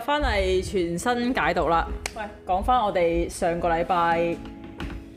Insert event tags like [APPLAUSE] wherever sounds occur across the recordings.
翻嚟傳新解毒啦！喂，講翻我哋上個禮拜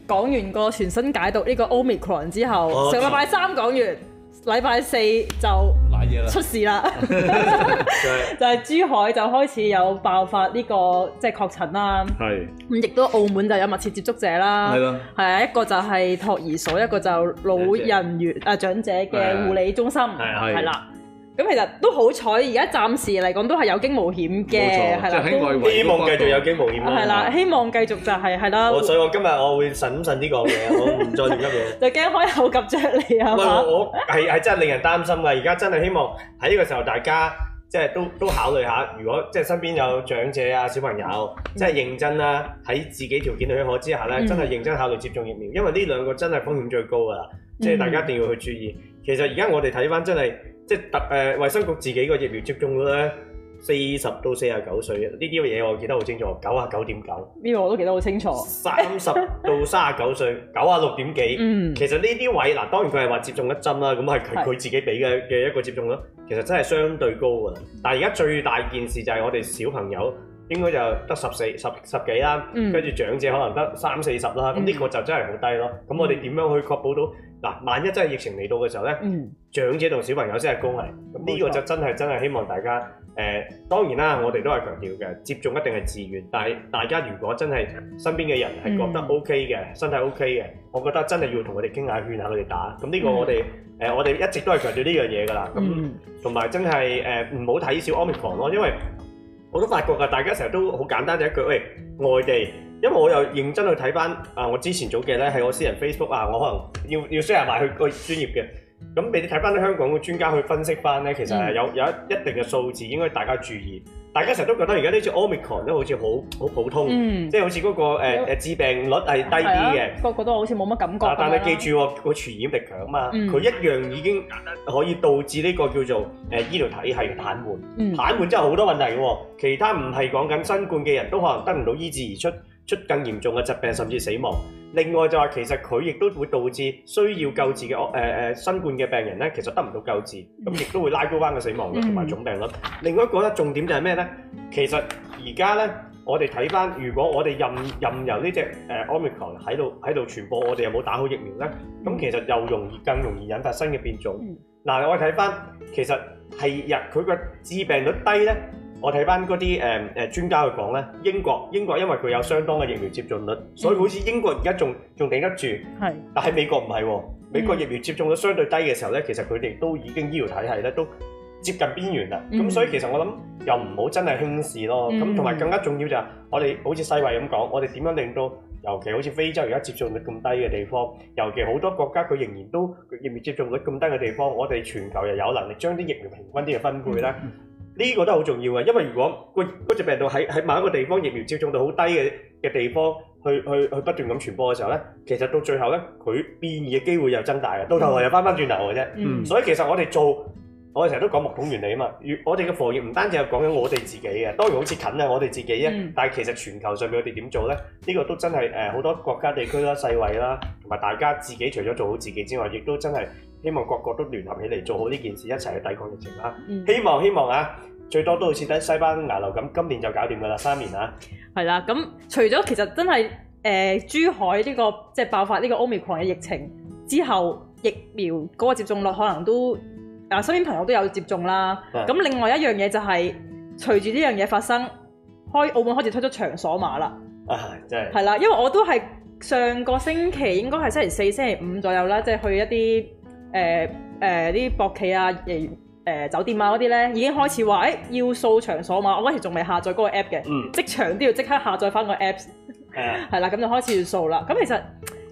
講完個傳新解毒呢、這個 Omicron 之後，oh, okay. 上禮拜三講完，禮拜四就瀨嘢啦，出事啦！ [LAUGHS] 就係珠海就開始有爆發呢、這個即係確診啦，係咁亦都澳門就有密切接觸者啦，係啦的，係啊一個就係托兒所，一個就，一個就老人院姐啊長者嘅護理中心，係啦的。的咁其實都好彩，而家暫時嚟講都係有驚無險嘅，係啦錯，對希望繼續有驚無險啊！係啦，希望繼續就係、係、係啦。所以我今日我會慎慎呢講嘢， [LAUGHS] 我唔再亂噏 [LAUGHS] 就驚開口及着你係我係係真係令人擔心嘅。而家真係希望喺呢個時候，大家即係都都，都考慮下，如果即係身邊有長者啊、小朋友，即係認真啦，喺自己條件許可之下咧，真係認真考慮接種疫苗，因為呢兩個真係風險最高噶啦，即係大家一定要去注意。 [LAUGHS] 其實而家我哋睇翻真係。即係特誒，呃、衞生局自己個疫苗接種率咧，四十到四十九歲，呢啲嘅嘢我記得好清楚，九啊九點九呢個我都記得好清楚。三十到三十九歲，九啊六點幾。嗯、其實呢啲位嗱、啊，當然佢係話接種一針啦，咁係佢佢自己俾嘅嘅一個接種率啦。其實真係相對高嘅。但係而家最大件事就係我哋小朋友應該就得十四十十幾啦，跟住、嗯、長者可能得三四十啦。咁呢個就真係好低咯。咁我哋點樣去確保到嗱、啊？萬一真係疫情嚟到嘅時候咧？嗯長者同小朋友先係高危，呢個就真係真係希望大家誒沒錯、呃。當然啦，我哋都係強調嘅，接種一定係自願。但係大家如果真係身邊嘅人係覺得 OK 嘅，嗯、身體 OK 嘅，我覺得真係要同佢哋傾下，勸下佢哋打。咁呢個我哋誒、嗯呃，我哋一直都係強調呢樣嘢㗎啦。咁同埋真係誒，唔好睇小，小 omicron 咯，因為我都發覺㗎，大家成日都好簡單就一句，喂、哎、外地，因為我又認真去睇翻啊，我之前做嘅咧喺我私人 Facebook 啊，我可能要要 share 埋佢個專業嘅。咁你哋睇翻啲香港嘅專家去分析翻咧，其實係有有一一定嘅數字應該大家注意。大家成日都覺得而家呢 Omicron 都好似好好普通，嗯、即係好似嗰、嗰個誒、嗯啊、致病率係低啲嘅、嗯啊，個個都好似冇乜感覺、啊。但係記住喎，佢、啊啊、傳染力強啊嘛，佢、嗯、一樣已經可以導致呢個叫做誒醫療體系嘅癱瘓，癱、嗯、瘓之後好多問題嘅、啊、喎。其他唔係講緊新冠嘅人都可能得唔到醫治而出。出更嚴重嘅疾病甚至死亡。另外就話其實佢亦都會導致需要救治嘅我誒新冠嘅病人咧，其實得唔到救治，咁亦都會拉高翻個死亡率同埋重病率。嗯、另外一個咧重點就係咩咧？其實而家咧我哋睇翻，如果我哋任任由呢隻誒 Omicron 喺度喺度傳播，我哋又冇打好疫苗咧，咁、嗯、其實又容易更容易引發新嘅變種。嗱、嗯，我哋睇翻其實係日佢個致病率低咧。我睇翻嗰啲誒誒專家去講咧，英國英國因為佢有相當嘅疫苗接種率，嗯、所以好似英國而家仲仲頂得住。係是，但係美國唔係喎，美國疫苗接種率相對低嘅時候咧，嗯、其實佢哋都已經醫療體系咧都接近邊緣啦。咁、嗯、所以其實我諗又唔好真係輕視咯。咁同埋更加重要就係我哋好似世衞咁講，我哋點樣，樣令到尤其好似非洲而家接種率咁低嘅地方，尤其好多國家佢仍然都疫苗接種率咁低嘅地方，我哋全球又有能力將啲疫苗平均啲嚟分配咧呢。嗯呢個都好重要嘅，因為如果個嗰隻病毒喺喺某一個地方疫苗接種到好低嘅嘅地方去，去去去不斷咁傳播嘅時候呢，其實到最後呢，佢變異嘅機會又增大嘅，到頭來又翻返轉頭嘅啫。嗯、所以其實我哋做，我哋成日都講木桶原理啊嘛。我哋嘅防疫唔單止係講緊我哋自己嘅，當然好似近啊，我哋自己啊，嗯、但係其實全球上面我哋點做呢？呢、呢個都真係誒好多國家地區啦、世衞啦，同埋大家自己除咗做好自己之外，亦都真係。希望各國都聯合起嚟做好呢件事，一齊去抵抗疫情啦！嗯、希望希望啊，最多都好似睇西班牙流感，今年就搞掂噶啦，三年啊！係啦，咁除咗其實真係誒、呃、珠海呢、呢個即係爆發呢個奧密克戎嘅疫情之後，疫苗嗰個接種率可能都啊身邊朋友都有接種啦。咁、嗯、另外一樣嘢就係、係、隨住呢樣嘢發生，開澳門開始推出場所碼啦。啊，真係係啦，因為我都係上個星期應該係星期四、星期五左右啦，即係去一啲，誒誒啲博企啊，誒誒、呃、酒店啊嗰啲咧，已經開始話，誒、欸、要掃場所碼。我嗰時仲未下載嗰個 app 嘅，嗯、即場都要即刻下載翻個 apps，係啦、啊，咁就開始要掃啦。咁其實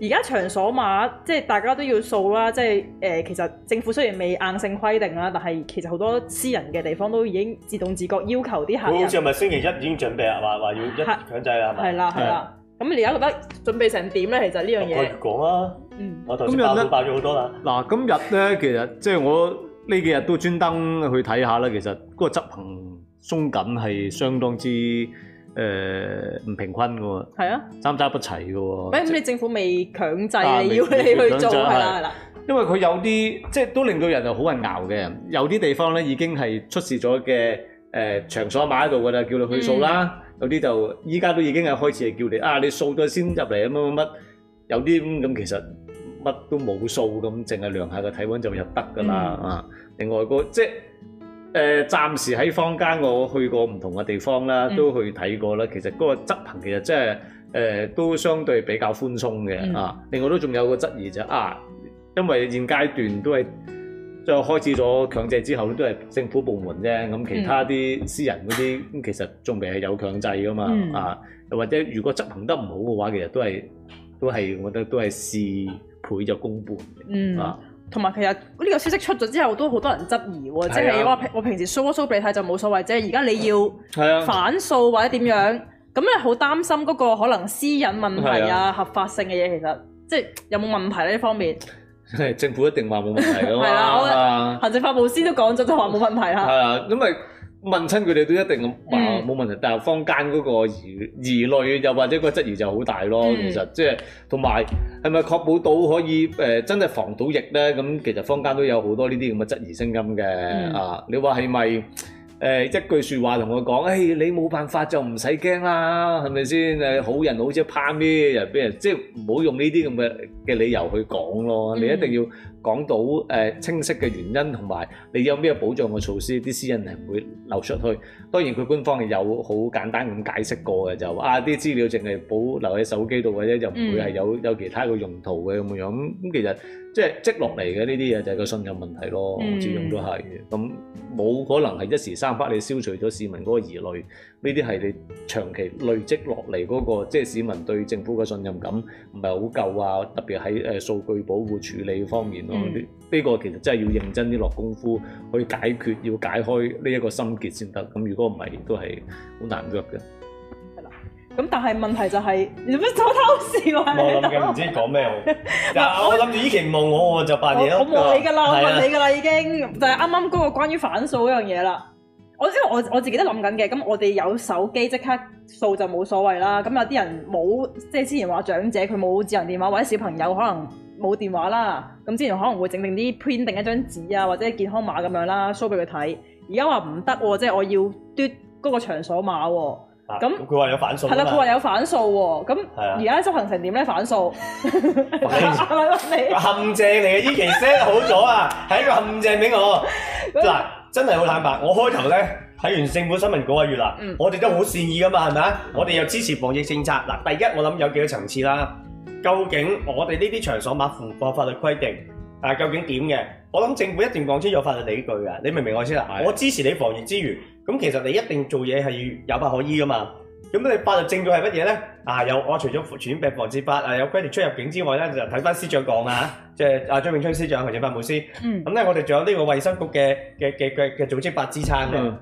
而家場所碼即係大家都要掃啦，即係誒其實政府雖然未硬性規定啦，但係其實好多私人嘅地方都已經自動自覺要求啲客人。好似係咪星期一已經準備 rise，啊？話話要一強制啦，係啦、啊。咁你而家覺得準備成點咧？其實呢樣嘢，我講啊，嗯，咁今日咧，大咗好多啦。嗱，今日咧，其實即係我呢幾日都專登去睇下啦。其實嗰個執行鬆緊係相當之誒唔平均㗎喎，係啊，參差不齊㗎喎。咁，你政府未強制啊，要你去做係啦，因為佢有啲即係都令到人又好混淆嘅。有啲地方咧已經係出示咗嘅誒場所碼擺喺度㗎啦，叫你去掃啦。有啲就依家都已經係開始係叫你啊，你掃咗先入嚟啊乜乜乜，有啲咁、嗯、其實乜都冇掃咁，淨係量下個體溫就入得㗎啦啊！嗯、另外個即係誒、呃，暫時喺坊間我去過唔同嘅地方啦，都去睇過啦。嗯、其實嗰個執行其實即係誒都相對比較寬鬆嘅啊。嗯、另外都仲有個質疑就係、啊，因為現階段都係。即係開始咗強制之後都係政府部門啫。咁其他啲私人嗰啲，嗯、其實仲未係有強制噶嘛。啊、嗯，或者如果執行得唔好嘅話，其實都係都係，我覺得都係事倍就功半。嗯。啊，同埋其實呢個消息出咗之後，都好多人質疑喎。即係我我平時掃一掃畀睇就冇所謂啫。而家你要反掃或者點樣，咁、啊、你好擔心嗰個可能私隱問題啊、啊合法性嘅嘢，其實即係有冇問題呢方面？哎、政府一定話冇問題㗎嘛？ [LAUGHS] 啊、行政法務司都講咗就話冇問題啦。係啊，因為問親佢哋都一定話冇問題，嗯、但係坊間嗰個疑疑慮又或者個質疑就好大咯。其實即係同埋係咪確保到可以誒、呃、真係防盜液防到疫咧？咁其實坊間都有好多呢啲咁嘅質疑聲音嘅、嗯、啊！你話係咪？誒一句説話同佢講，誒你冇辦法就唔使驚啦，係咪先？好人好姐怕咩？又邊？即係唔好用呢啲咁嘅理由去講咯，嗯、你一定要。講到誒、呃、清晰嘅原因同埋你有咩保障嘅措施，啲私隱係唔會流出去。當然佢官方係有好簡單咁解釋過嘅，就話啲、啊、資料淨係保留喺手機度，或者又唔會係有有其他嘅用途嘅咁嘅樣。咁、嗯、咁其實即係積落嚟嘅呢啲嘢就係個信任問題咯，始終、嗯、都係。咁冇可能係一時三刻你消除咗市民嗰個疑慮。呢啲係你長期累積落嚟嗰個，即係市民對政府嘅信任感唔係好夠啊！特別喺誒數據保護處理方面咯，呢個其實真係要認真啲落功夫去解決，要解開呢一個心結先得。咁如果唔係，都係好難約嘅。係啦，咁但係問題就係做咩偷笑啊！我諗緊唔知講咩好。嗱，我諗住依期望我就扮嘢咯。我望你㗎啦，我問你㗎啦，已經就係啱啱嗰個關於反訴嗰樣嘢啦。我因為我我自己都諗緊嘅，咁我哋有手機即刻掃就冇所謂啦。咁有啲人冇，即係之前話長者佢冇智能電話或者小朋友可能冇電話啦。咁之前可能會整定啲 print 定一張紙啊，或者健康碼咁樣啦，show 俾佢睇。而家話唔得喎，即係我要嘟嗰個場所碼喎。咁佢話有反掃，係啦，佢話有反掃喎。咁而家執行成點咧？反掃係咪問你陷阱嚟嘅？依期 set 好咗啊，係一個陷阱俾我嗱。啊真係好坦白，我開頭呢睇完政府新聞嗰個月啦，嗯、我哋都好善意噶嘛，係咪、嗯、我哋又支持防疫政策。嗱，第一我諗有幾個層次啦，究竟我哋呢啲場所冇符合法律規定，啊究竟點嘅？我諗政府一定講清楚法律理據噶，你明唔明我意思的我支持你防疫之餘，咁其實你一定做嘢係有法可依噶嘛。咁你法律證據係乜嘢咧？啊，有我除咗傳染病防治法啊，有規定出入境之外咧，就睇翻司長講、 [LAUGHS] 就是、啊，即係阿張永春司長、或者法務司。嗯。咁咧，我哋仲有呢個衛生局嘅嘅嘅嘅嘅組織法支撐嘅。咁、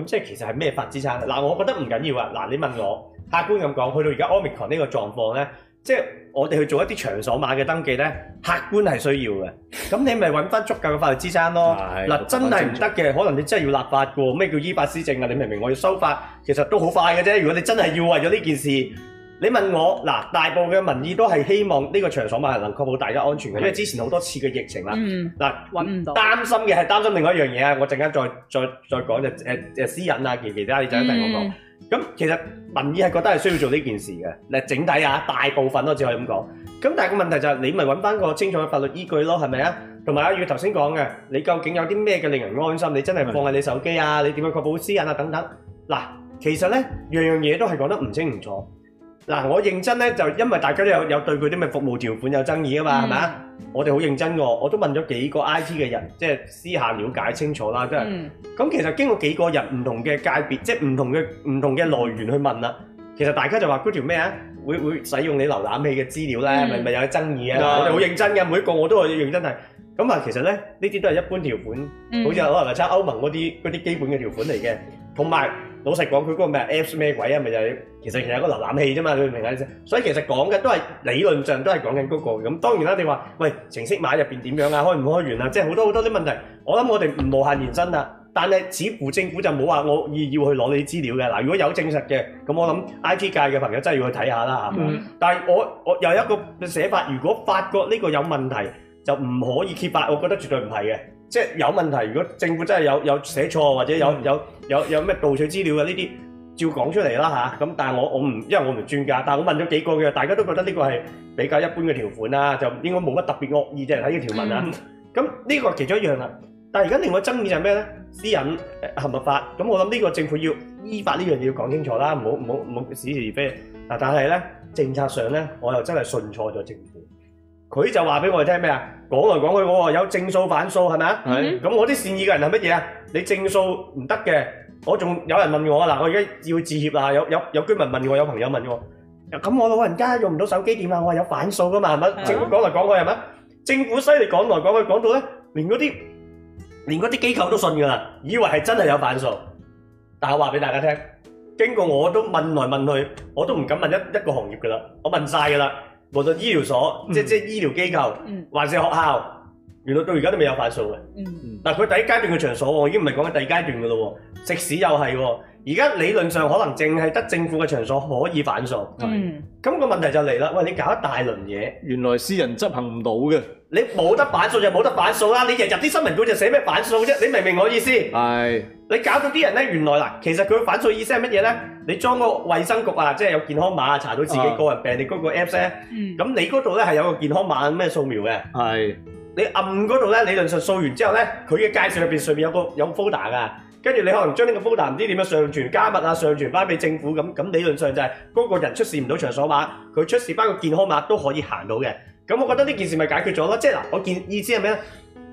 嗯、即係其實係咩法支撐嗱、啊，我覺得唔緊要啊。嗱，你問我，客觀咁講，去到而家 Omicron 呢個狀況咧。即係我哋去做一啲場所碼嘅登記咧，客觀係需要嘅。咁你咪揾翻足夠嘅法律支撐咯。嗱， [LAUGHS] 真係唔得嘅，可能你真係要立法嘅喎。咩叫依法施政啊？你明唔明我要修法，其實都好快嘅啫。如果你真係要為咗呢件事，你問我嗱，大部分嘅民意都係希望呢個場所碼係能確保大家安全嘅，的因為之前好多次嘅疫情啦，嗱、嗯，揾唔嘩到。擔心嘅係擔心另外一樣嘢啊。我陣間再再再講就誒誒私隱啊，其其他你陣間聽我講。咁其實民意係覺得係需要做呢件事嘅。嗱，整體啊，大部分咯，只可以咁講。咁但係個問題就係、是、你咪揾翻個清楚嘅法律依據咯，係咪啊？同埋阿月頭先講嘅，你究竟有啲咩嘅令人安心？你真係放喺你手機啊？的你點樣確保私隱啊？等等。嗱，其實呢樣樣嘢都係講得唔清唔楚。嗱，我認真咧，就因為大家都有有對佢啲咩服務條款有爭議啊嘛，係咪、嗯、我哋好認真嘅，我都問咗幾個 IT 嘅人，即係私下了解清楚啦，即係。咁、嗯、其實經過幾個人唔同嘅界別，即係唔同嘅唔同嘅來源去問啦。其實大家就話嗰條咩啊，會會使用你瀏覽器嘅資料咧，咪咪、嗯、有爭議啊？對我哋好認真嘅，每一個我都係認真係。咁啊，其實咧，呢啲都係一般條款，嗯、好似可能係抄歐盟嗰啲啲基本嘅條款嚟嘅。同埋老實講，佢嗰個咩 Apps 咩鬼啊，咪就係、就係。係其實有個瀏覽器啫嘛，你明唔明啊意思？所以其實講嘅都係理論上都係講緊嗰個咁。當然啦，你話喂程式碼入邊點樣啊，開唔開源啊，即係好多好多啲問題。我諗我哋唔無限延伸啦，但係似乎政府就冇話我意要去攞你啲資料嘅嗱。如果有證實嘅，咁我諗 I T 界嘅朋友真係要去睇下啦，係嘛？Mm hmm. 但係我我有一個寫法，如果發覺呢個有問題，就唔可以揭發。我覺得絕對唔係嘅，即係有問題。如果政府真係有有寫錯或者有、mm hmm. 有有有咩盜取資料嘅呢啲？照講出嚟啦嚇，咁但係我我唔，因為我唔係專家，但係我問咗幾個嘅，大家都覺得呢個係比較一般嘅條款啦，就應該冇乜特別惡意啫，睇呢條文啊。咁呢、嗯、個係其中一樣啦。但係而家另外爭議就係咩咧？私隱、呃、合唔合法？咁我諗呢個政府要依法呢樣嘢要講清楚啦，唔好唔好唔好似是而非。嗱，但係咧政策上咧，我又真係信錯咗政府。佢就話俾我哋聽咩啊？講來講去我話有正數反數係咪啊？咁是我啲善意嘅人係乜嘢啊？你正數唔得嘅。我仲有人問我啊，嗱，我而家要致歉啦，有有有居民問我，有朋友問我，咁我老人家用唔到手機點啊？我話有反掃㗎嘛，係咪？政府講來講去係咪？政府犀利講來講去，講到咧，連嗰啲連嗰啲機構都信㗎啦，以為係真係有反掃。但係我話俾大家聽，經過我都問來問去，我都唔敢問一一個行業㗎啦，我問晒㗎啦，無論醫療所，即即醫療機構，還是學校。原來到而家都未有反數嘅，嗱佢第一階段嘅場所喎，已經唔係講緊第二階段嘅咯，食肆又係，而家理論上可能淨係得政府嘅場所可以反數，咁個問題就嚟啦，喂你搞一大輪嘢，原來私人執行唔到嘅，你冇得反數就冇得反數啦，你日日啲新聞稿就寫咩反數啫，你明唔明我意思？係，你搞到啲人咧，原來嗱，其實佢反數意思係乜嘢咧？你裝個衛生局啊，即係有健康碼啊，查到自己個人病歷嗰個 apps 咧，咁你嗰度咧係有個健康碼咩掃描嘅？係。你按嗰度理論上掃完之後呢，佢嘅介紹入邊上面有個有 folder 㗎，跟住你可能將呢個 folder 唔知點樣上傳加密啊，上傳返俾政府咁，理論上就係嗰個人出示唔到場所碼，佢出示返個健康碼都可以行到嘅。咁我覺得呢件事咪解決咗咯，即係嗱，我嘅意思係咩咧？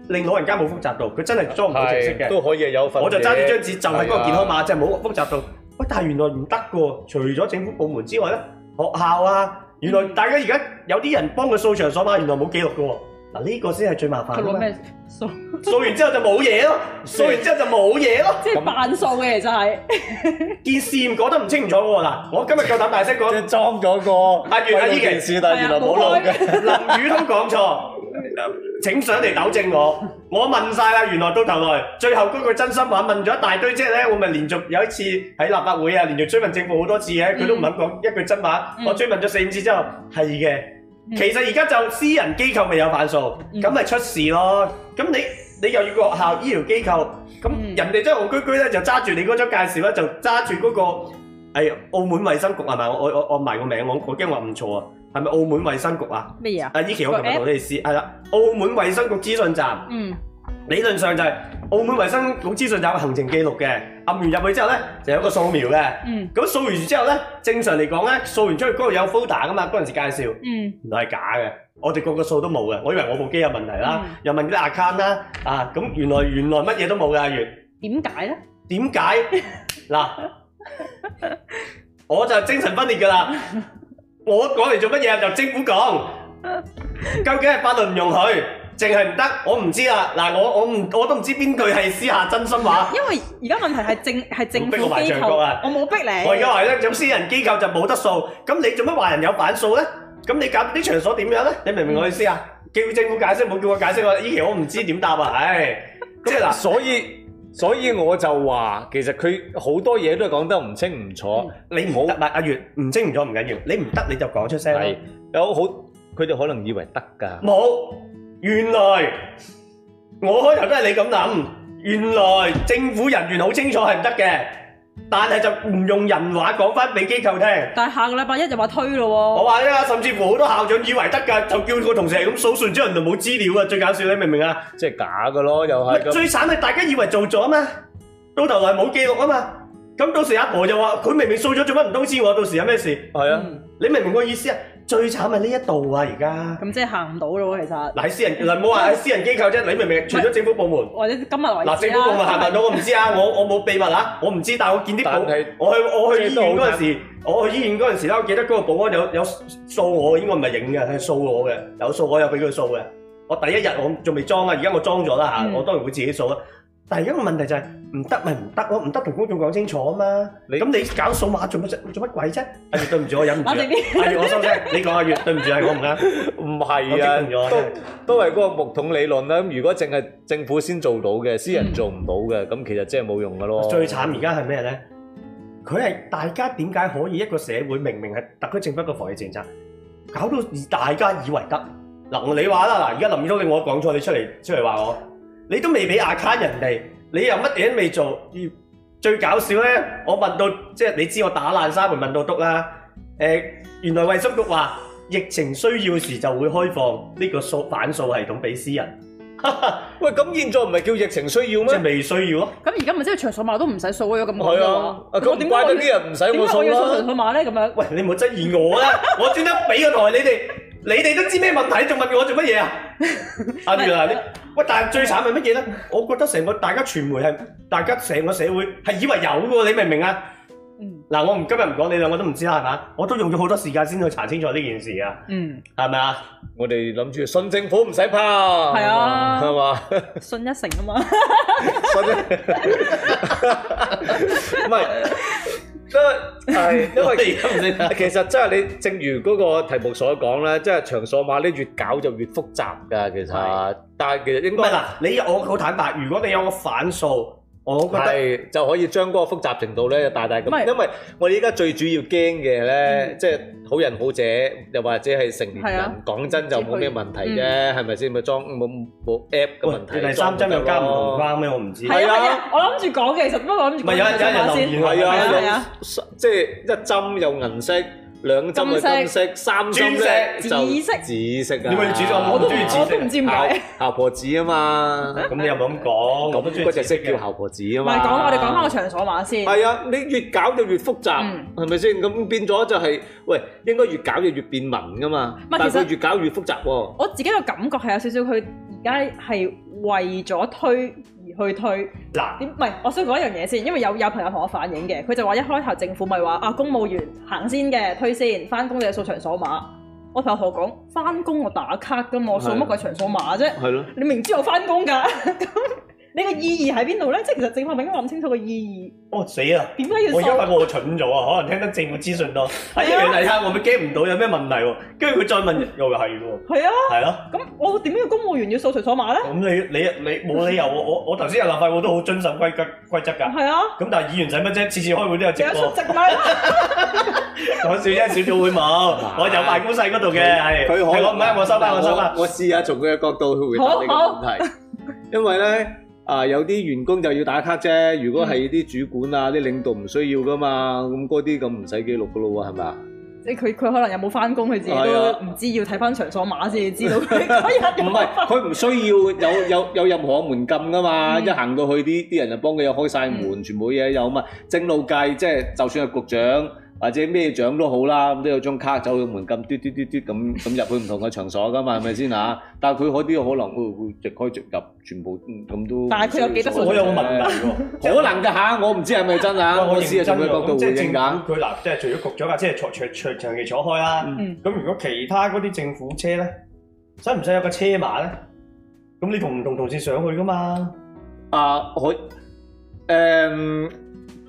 令老人家冇複雜度，佢真係裝唔到程式嘅，都可以有份。我就揸呢張紙就係嗰個健康碼，即係冇複雜度。喂，但係原來唔得嘅喎，除咗政府部門之外呢，學校啊，原來大家而家有啲人幫佢掃場所碼，原來冇記錄嘅喎。嗱，呢個先係最麻煩，掃掃完之後就冇嘢咯，掃完之後就冇嘢咯，即係扮掃嘅就係件事講得唔清楚喎。嗱，我今日夠膽大聲講，裝咗個阿袁阿依嘅事，但原來冇攞嘅。林宇都講錯，請上嚟糾正我。我問曬啦，原來到頭來最後嗰句真心話問咗一大堆，即係呢，我咪連續有一次喺立法會啊，連續追問政府好多次嘅，佢都唔肯講一句真話。我追問咗四五次之後，係嘅。嗯、其實而家就私人機構未有犯數，咁咪、嗯、出事咯。咁你你又要個學校醫療機構，咁人哋真係戇居居咧就揸住你嗰張介紹啦，就揸住嗰個係、哎、澳門衛生局係咪？我我我埋個名，我我驚話唔錯啊。係咪澳門衛生局啊？咩啊？阿依琪我琴日同你哋試，係啦個 APP?，澳門衛生局資訊站。嗯。理論上就係、是、澳門衛生局資訊有個行程記錄嘅，按完入去之後咧就有一個掃描嘅，咁掃、嗯、完之後咧正常嚟講咧掃完出去嗰度有 folder 噶嘛，嗰陣介紹，嗯、原來係假嘅，我哋個個掃都冇嘅，我以為我部機有問題啦，嗯、又問啲 account 啦，啊咁原來原來乜嘢都冇噶，原點解呢？點解嗱？ [LAUGHS] [LAUGHS] 我就精神分裂噶啦，我講嚟做乜嘢？就政府講，究竟係法律唔容許。淨係唔得，我唔知啊。嗱，我我唔我都唔知邊句係私下真心話。因為而家問題係政係政府機構，我冇逼你。我而家話咧，咁私人機構就冇得數。咁你做乜話人有反數咧？咁你搞啲場所點樣咧？你明唔明我意思啊？叫政府解釋，冇叫我解釋。我依期我唔知點答啊！唉，即係嗱，所以所以我就話，其實佢好多嘢都係講得唔清唔楚。你唔好唔係阿月唔清唔楚唔緊要，你唔得你就講出聲。係有好，佢哋可能以為得噶，冇。原來我開頭都係你咁諗，原來政府人員好清楚係唔得嘅，但係就唔用人話講翻俾機構聽。但係下個禮拜一就話推咯。我話啦，甚至乎好多校長以為得噶，就叫個同事係咁掃，掃之後人就冇資料啊，最搞笑咧，你明唔明啊？即係假噶咯，又係。最慘係大家以為做咗嘛，到頭來冇記錄啊嘛，咁到時阿婆又話佢明明掃咗，做乜唔通知我？到時有咩事？係啊，你明唔明我意思啊？最慘係呢一度啊！而家咁即係行唔到咯，其實嗱，私人嗱唔好話係私人機構啫， [LAUGHS] 你明明除咗政府部門，是或者今日嗱政府部門行唔到， [LAUGHS] 我唔知啊，我我冇秘密啊，我唔知道，但係我見啲保，是我去我去醫院嗰陣時，我去醫院嗰陣時咧，道我時我記得嗰個保安有有，有掃我，應該唔係影嘅，係掃我嘅，有掃我又俾佢掃嘅，我第一日我仲未裝啊，而家我裝咗啦、嗯、我當然會自己掃。但係一個問題就係唔得咪唔得咯，唔得同公眾講清楚啊嘛。咁你，你搞數碼做乜做乜鬼啫？啊、 [LAUGHS] 阿月對唔住我忍唔住，阿月 [LAUGHS] 我收聲。你講阿月對唔住係我唔啱。唔係啊，都都係嗰個木桶理論啦。咁如果淨係政府先做到嘅，私人做唔到嘅，咁、嗯、其實真係冇用噶咯。最慘而家係咩咧？佢係大家點解可以一個社會明明係特區政府嘅防疫政策，搞到大家以為得嗱？你話啦，嗱，而家林宇滔你我講錯，你出嚟出嚟話我。你都未俾 account 人哋，你又乜嘢都未做。最搞笑咧，我問到即係你知我打爛沙盤問到篤啦。誒，原來衞生局話疫情需要時就會開放呢個掃反掃系統俾私人。喂，咁現在唔係叫疫情需要咩？即係未需要咯。咁而家咪即係場所碼都唔使掃咯，咁唔係啊？咁怪得啲人唔使我掃咯。點解我要場所碼咧？咁樣，喂，你唔好質疑我啦，我專登俾個台你哋。你哋都知咩問題，仲問我做乜嘢啊？阿月嗱，你喂，但係最慘係乜嘢咧？我覺得成個大家傳媒係，大家成個社會係以為有嘅喎，你明唔明啊？嗯，嗱，我唔今日唔講，你兩個都唔知啦，係嘛？我都用咗好多時間先去查清楚呢件事啊。嗯，係咪啊？我哋諗住信政府唔使怕，係啊，係嘛？信一成啊嘛，信一成，唔係。都係，因為其實即係你，正如嗰個題目所講咧，即係場所碼呢，越搞就越複雜㗎。其實，但係其實應該，唔係你有我好坦白，如果你有個反數。我覺得就可以將嗰個複雜程度咧大大咁，因為我哋而家最主要驚嘅咧，即係好人好者，又或者係成年人，講真就冇咩問題啫，係咪先？咪裝冇 app 嘅問題？第三針又加唔同花咩？我唔知。係啊，我諗住講其實，不過諗住唔係有有人留言係啊，即係一針有銀色，兩針嘅金色，三針色，紫色，紫色啊！你咪紫色，我都唔知點解。姣婆紫啊嘛！咁你又冇咁講，咁嗰隻色叫姣婆紫啊嘛！唔係講，我哋講翻個場所碼先。係啊，你越搞就越複雜，係咪先？咁變咗就係，喂，應該越搞就越變文噶嘛，但係佢越搞越複雜喎。我自己嘅感覺係有少少，佢而家係為咗推。而去推嗱點唔係，我想講一樣嘢先，因為有有朋友同我反映嘅，佢就話一開頭政府咪話啊，公務員行先嘅，推先翻工要掃場所碼，我朋友同我講翻工我打卡㗎嘛，掃乜鬼場所碼啫？係咯了，你明知我翻工㗎。 [LAUGHS] 你個意義喺邊度咧？即係其實政府係咪應該諗清楚個意義。哦死啊！點解要？我因為我蠢咗啊，可能聽得政府資訊多。喺議員底層，我咪驚唔到有咩問題喎。跟住佢再問，又又係喎。係啊。係咯。咁我點解要公務員要掃除所碼咧？咁你你你冇理由我我我頭先入立法會都好遵守規格規則㗎。係啊。咁但係議員使乜啫？次次開會都有直播。有直播。講笑啫，少咗會冇。我由辦公室嗰度嘅，佢可我唔係我收翻我收啦。我試下從佢嘅角度去回答你個問題，因為咧。啊，有啲員工就要打卡啫。如果係啲主管啊、啲領導唔需要噶嘛，咁嗰啲咁唔使記錄噶咯喎，係咪啊？即係佢佢可能有冇翻工，佢自己都唔知，哎、呀 要睇翻場所碼先至知道 [LAUGHS] 是。佢唔係？佢唔需要有有有任何門禁噶嘛？ [LAUGHS] 一行到去啲啲人就幫佢有開晒門，嗯、全部嘢有嘛？正路計即係就算係局長。或者咩獎都好啦，都有張卡走個門禁，嘟嘟嘟嘟咁咁入去唔同嘅場所㗎嘛，係咪先嚇？但係佢嗰啲可能會會直開直入，全部咁都。但係佢有幾多份？我有個問題喎，可能㗎嚇，我唔知係咪真啊。我意思喎。咁即係政府佢嗱，即係除咗局長架車坐坐坐長期坐開啦，咁如果其他嗰啲政府車咧，使唔使有個車碼咧？咁你同唔同同事上去㗎嘛？啊，可誒。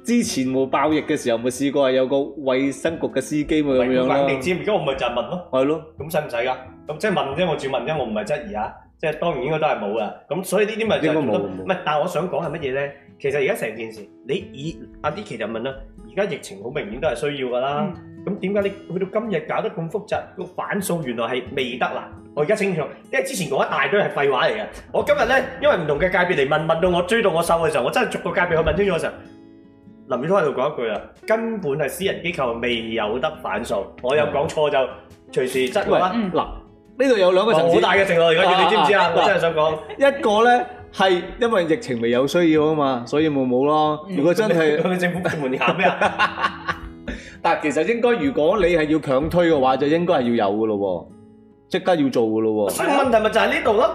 之前冇爆疫嘅時候，咪試過係有個衛生局嘅司機咪咁樣啦。你知，而家我咪就問咯。係咯。咁使唔使㗎？咁即係問啫，我只問啫，我唔係質疑啊。即係當然應該都係冇㗎。咁所以呢啲咪就係咁。唔係，但係我想講係乜嘢咧？其實而家成件事，你以阿 Dicky 就問啦。而家疫情好明顯都係需要㗎啦。咁點解你去到今日搞得咁複雜？個反數原來係未得啦。我而家清楚，因為之前講一大堆係廢話嚟嘅。我今日咧，因為唔同嘅界別嚟問，問到我追到我手嘅時候，我真係逐個界別去問清楚嘅時候。林宇通喺度講一句啦，根本係私人機構未有得反訴。我有講錯就隨時質問。嗱，呢度有兩個層次，好大嘅程度。而家你知唔知啊？我真係想講一個咧，係因為疫情未有需要啊嘛，所以冇冇咯。如果真係，去政府門口咩啊？但其實應該，如果你係要強推嘅話，就應該係要有嘅咯，即刻要做嘅咯。所以問題咪就喺呢度咯。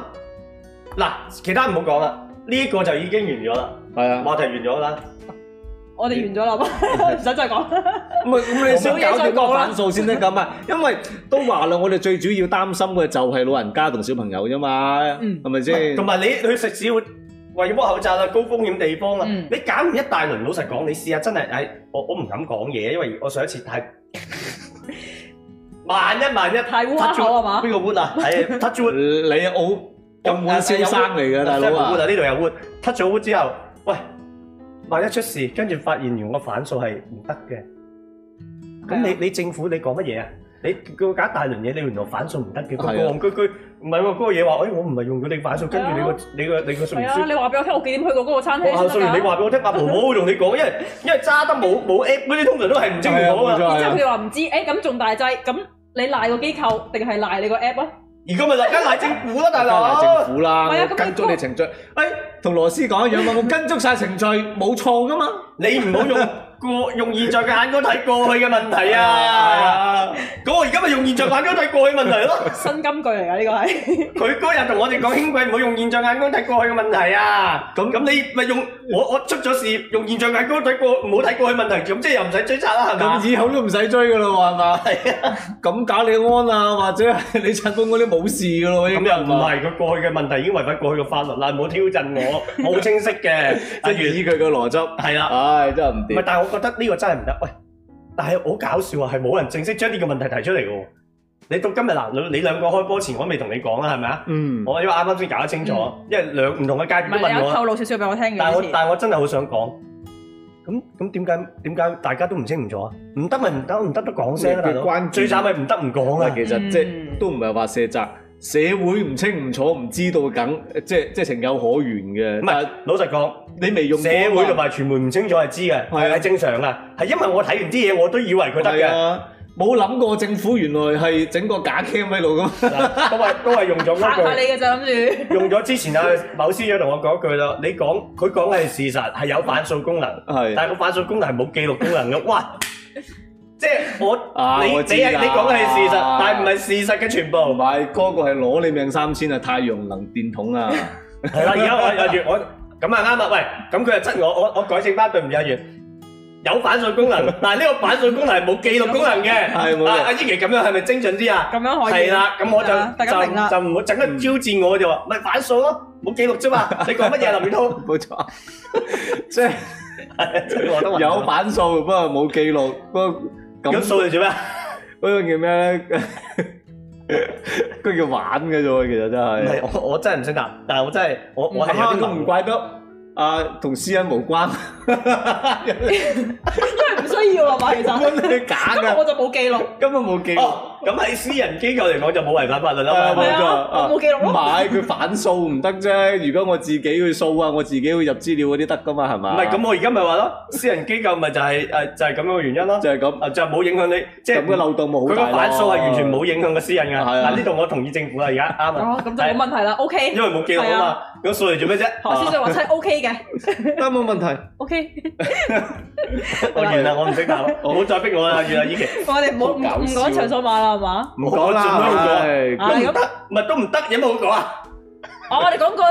嗱，其他唔好講啦，呢個就已經完咗啦。係啊，話題完咗啦。我哋完咗啦嘛，唔使再講。唔係，咁你少搞掂個板數先得咁啊？因為都話啦，我哋最主要擔心嘅就係老人家同小朋友啫嘛，係咪先？同埋你去食市會，為要攞口罩啦，高風險地方啊，你搞完一大輪，老實講，你試下真係，誒，我我唔敢講嘢，因為我上一次太萬一萬一太烏鴉咗係嘛？邊個烏啊？係，cut 咗你澳澳門先生嚟嘅大佬啊！呢度有烏，cut 咗烏之後。萬一出事，跟住發現用個反數係唔得嘅，咁你你政府你講乜嘢啊？你佢搞一大輪嘢，你原來反數唔得，佢講句句唔係喎，嗰個嘢話，誒我唔係用佢哋反數，跟住你個你個你個數字書，你話俾我聽，我幾點去過嗰個餐廳啦？數字你話俾我聽，阿婆婆會同你講，因為因為揸得冇冇 app 嗰啲通常都係唔清楚啊嘛。然之後佢話唔知，誒咁仲大劑，咁你賴個機構定係賴你個 app 咧？而家咪落街賴政府啦，啊，大佬！賴政府啦，啊， [NOISE] 啊、我跟足你程序。哎，同羅斯講一樣嘛，我跟足晒程序，冇錯㗎嘛。你唔好用。 [LAUGHS] 過用現在嘅眼光睇過去嘅問題啊！咁我而家咪用現在眼光睇過去問題咯。新金句嚟㗎呢個係。佢嗰日同我哋講，兄弟唔好用現在眼光睇過去嘅問題啊！咁咁你咪用我我出咗事用現在眼光睇過唔好睇過去問題，咁即係又唔使追查啦，係嘛？咁以後都唔使追㗎咯，係嘛？係啊！咁假李安啊，或者係李察公嗰啲冇事㗎咯，已經。咁又唔係，佢過去嘅問題已經違反過去嘅法律啦，唔好挑戰我，好清晰嘅，即係依佢嘅邏輯。係啦，唉，真係唔掂。唔係，但係我。我覺得呢個真係唔得，喂！但係好搞笑啊，係冇人正式將呢個問題提出嚟嘅。你到今日嗱，你兩個開波前，我未同你講啦，係咪啊？嗯。我因為啱啱先搞清楚，因為兩唔同嘅階段問我。咪有透露少少俾我聽嘅。但係我但係我真係好想講，咁咁點解點解大家都唔清唔楚啊？唔得咪唔得，唔得都講聲啊，大佬。最慘係唔得唔講啊。其實即係都唔係話卸責。社會唔清唔楚唔知道梗，即係即係情有可原嘅，唔係老實講，你未用過社會同埋傳媒唔清楚係知嘅。係正常啦。係因為我睇完啲嘢，我都以為佢得嘅，冇諗過政府原來係整個假 cam 喺度咁。都係都係用咗嗰句，慘怕你嘅就諗住。用咗之前啊，某師姐同我講一句啦，你講佢講嘅係事實係有反數功能，係，但係個反數功能係冇記錄功能嘅。哇！即係我，你你你講嘅係事實，但係唔係事實嘅全部。唔係嗰個係攞你命三千啊！太陽能電筒啊！係啦，而家阿阿月，我咁啊啱啦。喂，咁佢又質我，我我改正翻，對唔住阿月，有反數功能，但係呢個反數功能係冇記錄功能嘅。係冇。阿阿英傑咁樣係咪精準啲啊？咁樣可以。係啦，咁我就就就唔好整得招戰我啫喎。咪反數咯，冇記錄啫嘛。你講乜嘢林遠通？冇錯，即係有反數，不過冇記錄。不過。咁數你做咩？嗰個叫咩咧？嗰個叫玩嘅啫喎，其實真係。唔係我，我真係唔識答。但係我真係，我是我係因為咁唔怪得啊，同私隱無關。 [LAUGHS] [LAUGHS] [LAUGHS] 要嘛，其實咁你揀噶，我就冇記錄，根本冇記錄。咁喺私人機構嚟講就冇違反法律咯，冇錯。冇記錄咯，唔係佢反掃唔得啫。如果我自己去掃啊，我自己去入資料嗰啲得㗎嘛，係嘛？唔係，咁我而家咪話咯，私人機構咪就係誒就係咁樣嘅原因咯，就係咁，就冇影響你，即係佢個漏洞冇，佢個反掃係完全冇影響個私人㗎。嗱呢度我同意政府啦，而家啱啊，咁就冇問題啦，OK。因為冇記錄啊嘛。咁數嚟做咩啫？我先就話出 O K 嘅，都冇問題。O K，我完啦，我唔識打咯，唔好再逼我啦，阿月，阿琪。我哋唔好唔講場所碼啦，係嘛？唔講啦，唔講。咁唔得，唔係都唔得嘅，冇講啊！哦，我哋講個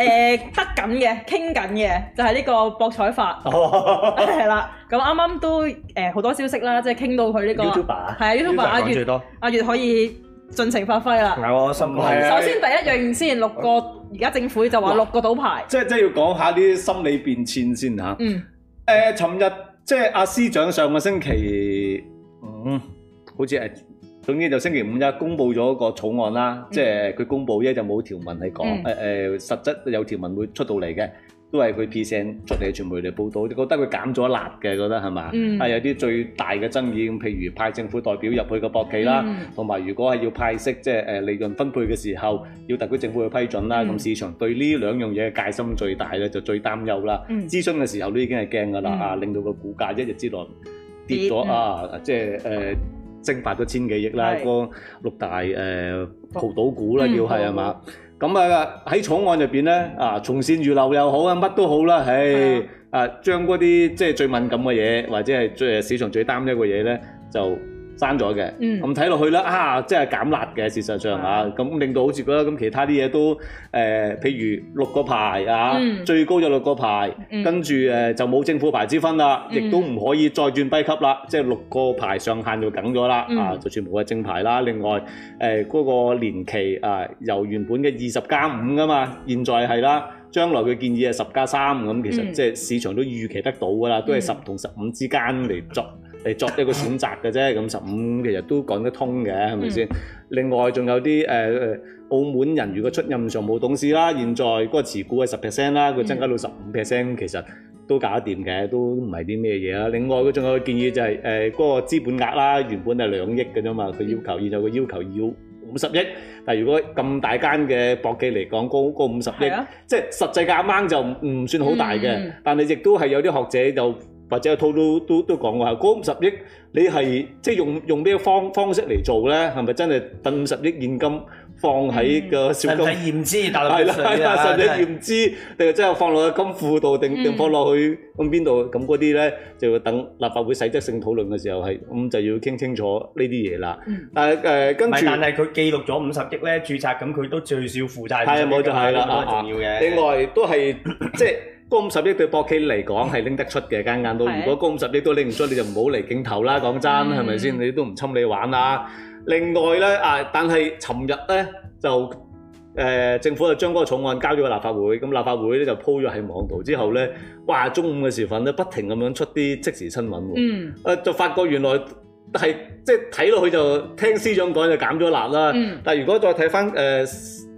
誒得緊嘅，傾緊嘅，就係呢個博彩法。係啦，咁啱啱都誒好多消息啦，即係傾到佢呢個。YouTube 啊？係啊，YouTube。阿月可以。盡情發揮啦！係喎、哦，心、啊、首先第一樣先六個，而家、啊、政府就話六個賭牌。即係即係要講下啲心理變遷先嚇。嗯。誒、呃，尋日即係阿司長上個星期，嗯，好似係，總之就星期五一公佈咗個草案啦。嗯、即係佢公佈一就冇條文係講，誒誒、嗯呃，實質有條文會出到嚟嘅。ix itor 都係佢 p s n 出嚟嘅傳媒嚟報道，覺得佢減咗辣嘅，覺得係嘛？係有啲最大嘅爭議，咁譬如派政府代表入去個博企啦，同埋、嗯、如果係要派息，即係誒利潤分配嘅時候，要特區政府去批准啦。咁、嗯、市場對呢兩樣嘢嘅戒心最大咧，就最擔憂啦。諮詢嘅時候都已經係驚㗎啦，啊、嗯嗯、令到個股價一日之內跌咗啊，即係誒蒸發咗千幾億啦，個六大誒淘寶股啦，要係係嘛？咁喺草案入面，咧、啊、從善如流又好啊，乜都好啦，啊，將嗰啲即係最敏感嘅嘢，或者係最、啊、市場最擔憂嘅嘢呢，就，刪咗嘅，咁睇落去咧啊，即係減辣嘅。事實上啊，咁令到好似覺得咁其他啲嘢都誒、呃，譬如六個牌啊，最高就六個牌，跟住誒就冇政府牌之分啦，嗯、亦都唔可以再轉低級啦，即係六個牌上限就梗咗啦啊，就全部係正牌啦。另外誒嗰、呃嗰個年期啊、呃，由原本嘅二十加五噶嘛，現在係啦，將來嘅建議係十加三咁，3, 其實即係市場都預期得到噶啦，都係十同十五之間嚟作。嗯嗯嚟作一個選擇嘅啫，咁十五其實都講得通嘅，係咪先？嗯、另外仲有啲誒、呃、澳門人，如果出任常務董事啦，現在嗰個持股係十 percent 啦，佢增加到十五 percent，其實都搞得掂嘅，都唔係啲咩嘢啊。另外佢仲有個建議就係誒嗰個資本額啦，原本係兩億嘅啫嘛，佢要求，嗯、然後佢要求要五十億，但係如果咁大間嘅博企嚟講，高高五十億，啊、即係實際嘅啱就唔算好大嘅，嗯、但係亦都係有啲學者就。或者係滔都都都講話，嗰五十億你係即係用用咩方方式嚟做咧？係咪真係等五十億現金放喺個？神仔驗知大陸係啦，神仔驗知定係真係放落個金庫度定定放落去咁邊度？咁嗰啲咧就要等立法會細則性討論嘅時候係咁就要傾清楚呢啲嘢啦。但係誒跟住，唔係但係佢記錄咗五十億咧，註冊咁，佢都最少負債係啊，冇錯係啦。重要嘅。另外都係即係。五十億對博企嚟講係拎得出嘅，間硬到如果五十億都拎唔出，你就唔好嚟競投啦。講真，係咪先？你都唔侵你玩啦。另外咧啊，但係尋日咧就誒、呃、政府就將嗰個草案交咗個立法會，咁立法會咧就鋪咗喺網度之後咧，哇！中午嘅時分咧不停咁樣出啲即時新聞喎，嗯啊，啊就發覺原來係即係睇落去就聽司長講就減咗辣啦，嗯、但係如果再睇翻誒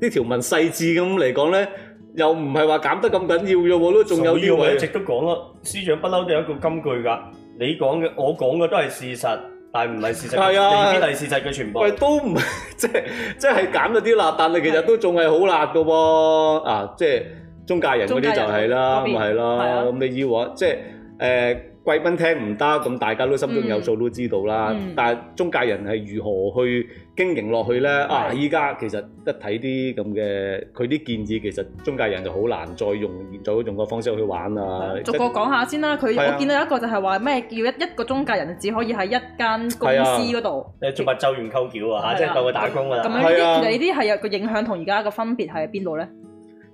呢條文細緻咁嚟講咧。又唔係話減得咁緊要嘅，我都仲有要。所以我一直都講咯，司長不嬲都有一個金句噶。你講嘅，我講嘅都係事實，但唔係事實，未必係事實嘅全部。喂，都唔係即係即係減咗啲辣，但係其實都仲係好辣嘅喎。啊，即係中介人嗰啲就係、是、啦，咪係咯。咁邊你以為，即係誒貴賓廳唔得，咁、呃、大家都心中有數，都知道啦。嗯嗯、但係中介人係如何去經營落去咧，啊！依家其實一睇啲咁嘅，佢啲建議其實中介人就好難再用再用嗰種方式去玩啊。逐個講下先啦，佢我見到一個就係話咩，叫一一個中介人只可以喺一間公司嗰度，你做埋週轉扣繳啊，即係夠佢打工啊，係啊。咁呢啲係個影響同而家個分別喺邊度咧？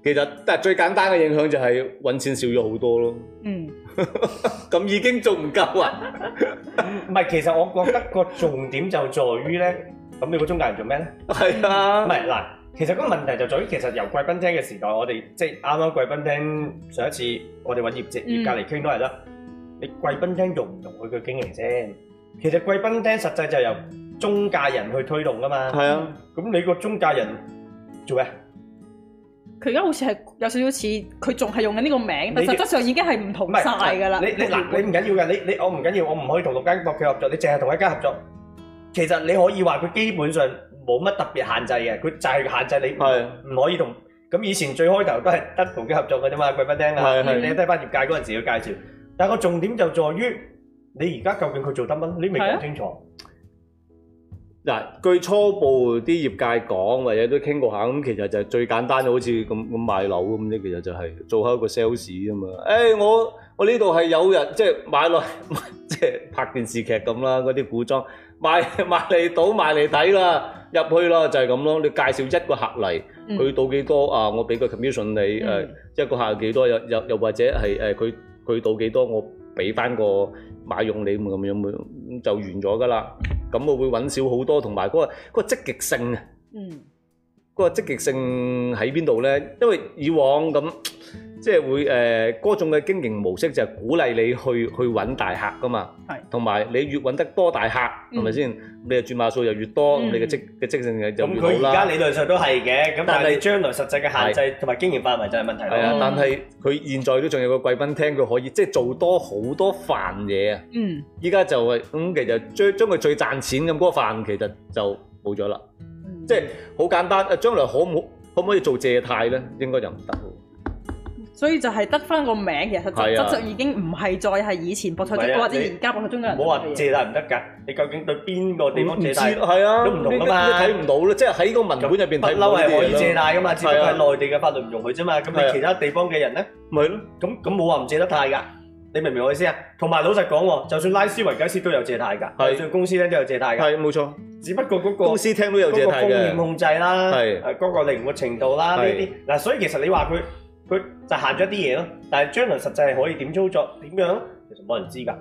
其實，但最簡單嘅影響就係揾錢少咗好多咯。嗯，咁已經做唔夠啊？唔係，其實我覺得個重點就在於咧。咁你個中介人做咩咧？係啊，唔係嗱，其實個問題就喺，其實由貴賓廳嘅時代，我哋即係啱啱貴賓廳上一次我哋揾業績，與隔離傾都係得。你貴賓廳用唔用佢嘅經營先？其實貴賓廳實際就由中介人去推動噶嘛。係啊，咁你個中介人做咩？佢而家好似係有少少似，佢仲係用緊呢個名，但係實質上已經係唔同曬㗎啦。你你，嗱，你唔緊要㗎，你你，我唔緊要，我唔可以同六間博企合作，你淨係同佢一間合作。其實你可以話佢基本上冇乜特別限制嘅，佢就係限制你唔是的 可以同咁以前最開頭都係得同佢合作嘅啫嘛，貴賓廳啊，是的 你你喺低級業界嗰陣時要介紹，但個重點就在於你而家究竟佢做得乜？你未講清楚。嗱的，據初步啲業界講，或者都傾過下咁，其實就最簡單，好似咁咁買樓咁啫。其實就係做開一個 sales 啫嘛。誒、欸，我我呢度係有人即係買落，即係拍電視劇咁啦，嗰啲古裝。買買嚟賭買嚟睇啦，入去啦就係咁咯。你介紹一個客嚟，佢賭幾多啊？我俾個 commission 你誒，一個客幾多又又又或者係誒佢佢賭幾多，我俾翻個碼佣你咁樣樣咁就完咗㗎啦。咁我會揾少好多，同埋嗰個嗰個積極性啊。嗯，嗰個積極性喺邊度咧？因為以往咁。即係會誒嗰、呃、種嘅經營模式就係鼓勵你去去揾大客㗎嘛，係。同埋你越揾得多大客，係咪先？你嘅轉碼數又越多，嗯、你嘅積嘅積成就越好啦。而家、嗯、理論上都係嘅，咁但係將來實際嘅限制同埋經營範圍就係問題。係啊是，嗯、但係佢現在都仲有個貴賓廳，佢可以即係做多好多飯嘢啊、嗯就是。嗯，依家就係咁，其實將將佢最賺錢咁嗰個飯其實就冇咗啦。嗯、即係好簡單。誒，將來可唔可可唔可以做借貸咧？應該就唔得。所以就係得翻個名，其實實質已經唔係再係以前博彩中介或者而家博彩中介人。冇話借貸唔得㗎，你究竟對邊個地方借貸都唔同啊嘛？睇唔到咧，即係喺個文本入邊睇唔到嘅。大陸係可以借貸㗎嘛？只不過係內地嘅法律唔容許啫嘛。咁你其他地方嘅人咧，咪係咯？咁咁冇話唔借得貸㗎？你明唔明我意思啊？同埋老實講喎，就算拉斯維加斯都有借貸㗎，上市公司咧都有借貸㗎。係冇錯，只不過嗰個公司聽到有借貸嘅風險控制啦，係嗰個靈活程度啦，呢啲嗱。所以其實你話佢。佢就限咗啲嘢咯，但係將來實際係可以點操作，點樣咧？其實冇人知㗎，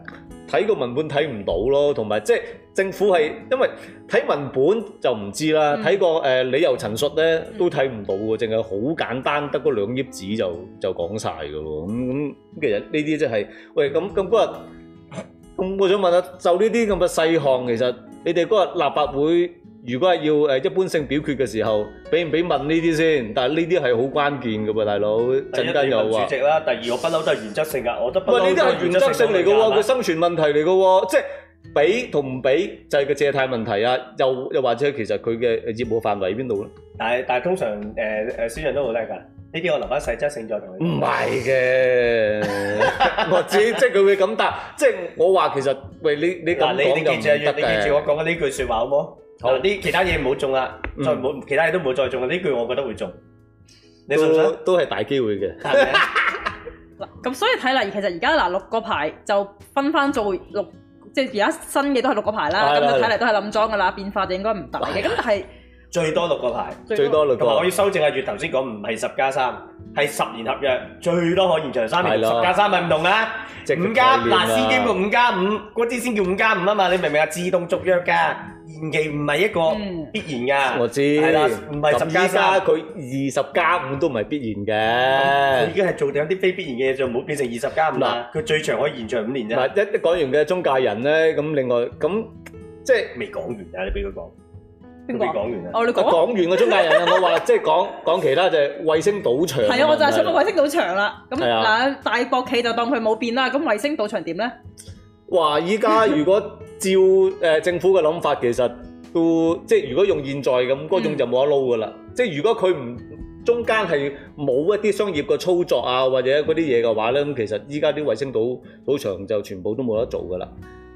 睇個文本睇唔到咯，同埋即係政府係因為睇文本就唔知啦，睇、嗯、個誒、呃、理由陳述咧、嗯、都睇唔到喎，淨係好簡單，得嗰兩頁紙就就講晒㗎喎。咁、嗯、咁其實呢啲即係，喂咁咁嗰日，咁我想問下，就呢啲咁嘅細項，其實你哋嗰日立法會？如果係要誒一般性表決嘅時候，俾唔俾問呢啲先？但係呢啲係好關鍵嘅噃，大佬，陣間有啊。主席啦，第二我不嬲都係原則性噶，我都不喂，呢啲係原則性嚟嘅喎，佢生存問題嚟嘅喎，即係俾同唔俾就係個借貸問題啊，又又或者其實佢嘅業務範圍喺邊度咧？但係但係通常誒誒，市場都好叻㗎。呢啲我留翻細則性再同佢講。唔係嘅，我知即係佢會咁答。即係我話其實，喂你你咁講就唔一計。你記住我講嘅呢句説話好冇？好啲其他嘢唔好中啦，再冇其他嘢都冇再中啦。呢句我覺得會中，你信唔信？都係大機會嘅。咁所以睇嚟，其實而家嗱六個牌就分翻做六，即係而家新嘅都係六個牌啦。咁睇嚟都係冧莊噶啦，變化就應該唔大嘅。咁但係。最多六個牌，最多六個。同埋我要修正下，如頭先講，唔係十加三，係十年合約，最多可延長三年。係咯，十加三咪唔同啦。五加嗱，司機個五加五，嗰啲先叫五加五啊嘛。你明唔明啊？自動續約噶，延期唔係一個必然噶。我知。係啦，唔係十加三。咁依家佢二十加五都唔係必然嘅。已經係做定啲非必然嘅嘢，就冇變成二十加五。嗱，佢最長可以延長五年咋。嗱，一一講完嘅中介人咧，咁另外咁即係未講完啊！你俾佢講。我、啊、講完啦。我哋、哦、講完個中介人，有冇話即係講講其他就係衛星賭場。係啊，我就係想講衛星賭場啦。咁嗱，大國企就當佢冇變啦。咁衛星賭場點咧？話依家如果照誒政府嘅諗法，其實都即係如果用現在咁嗰種就冇得撈噶啦。嗯、即係如果佢唔中間係冇一啲商業嘅操作啊，或者嗰啲嘢嘅話咧，咁其實依家啲衛星賭賭場就全部都冇得做噶啦。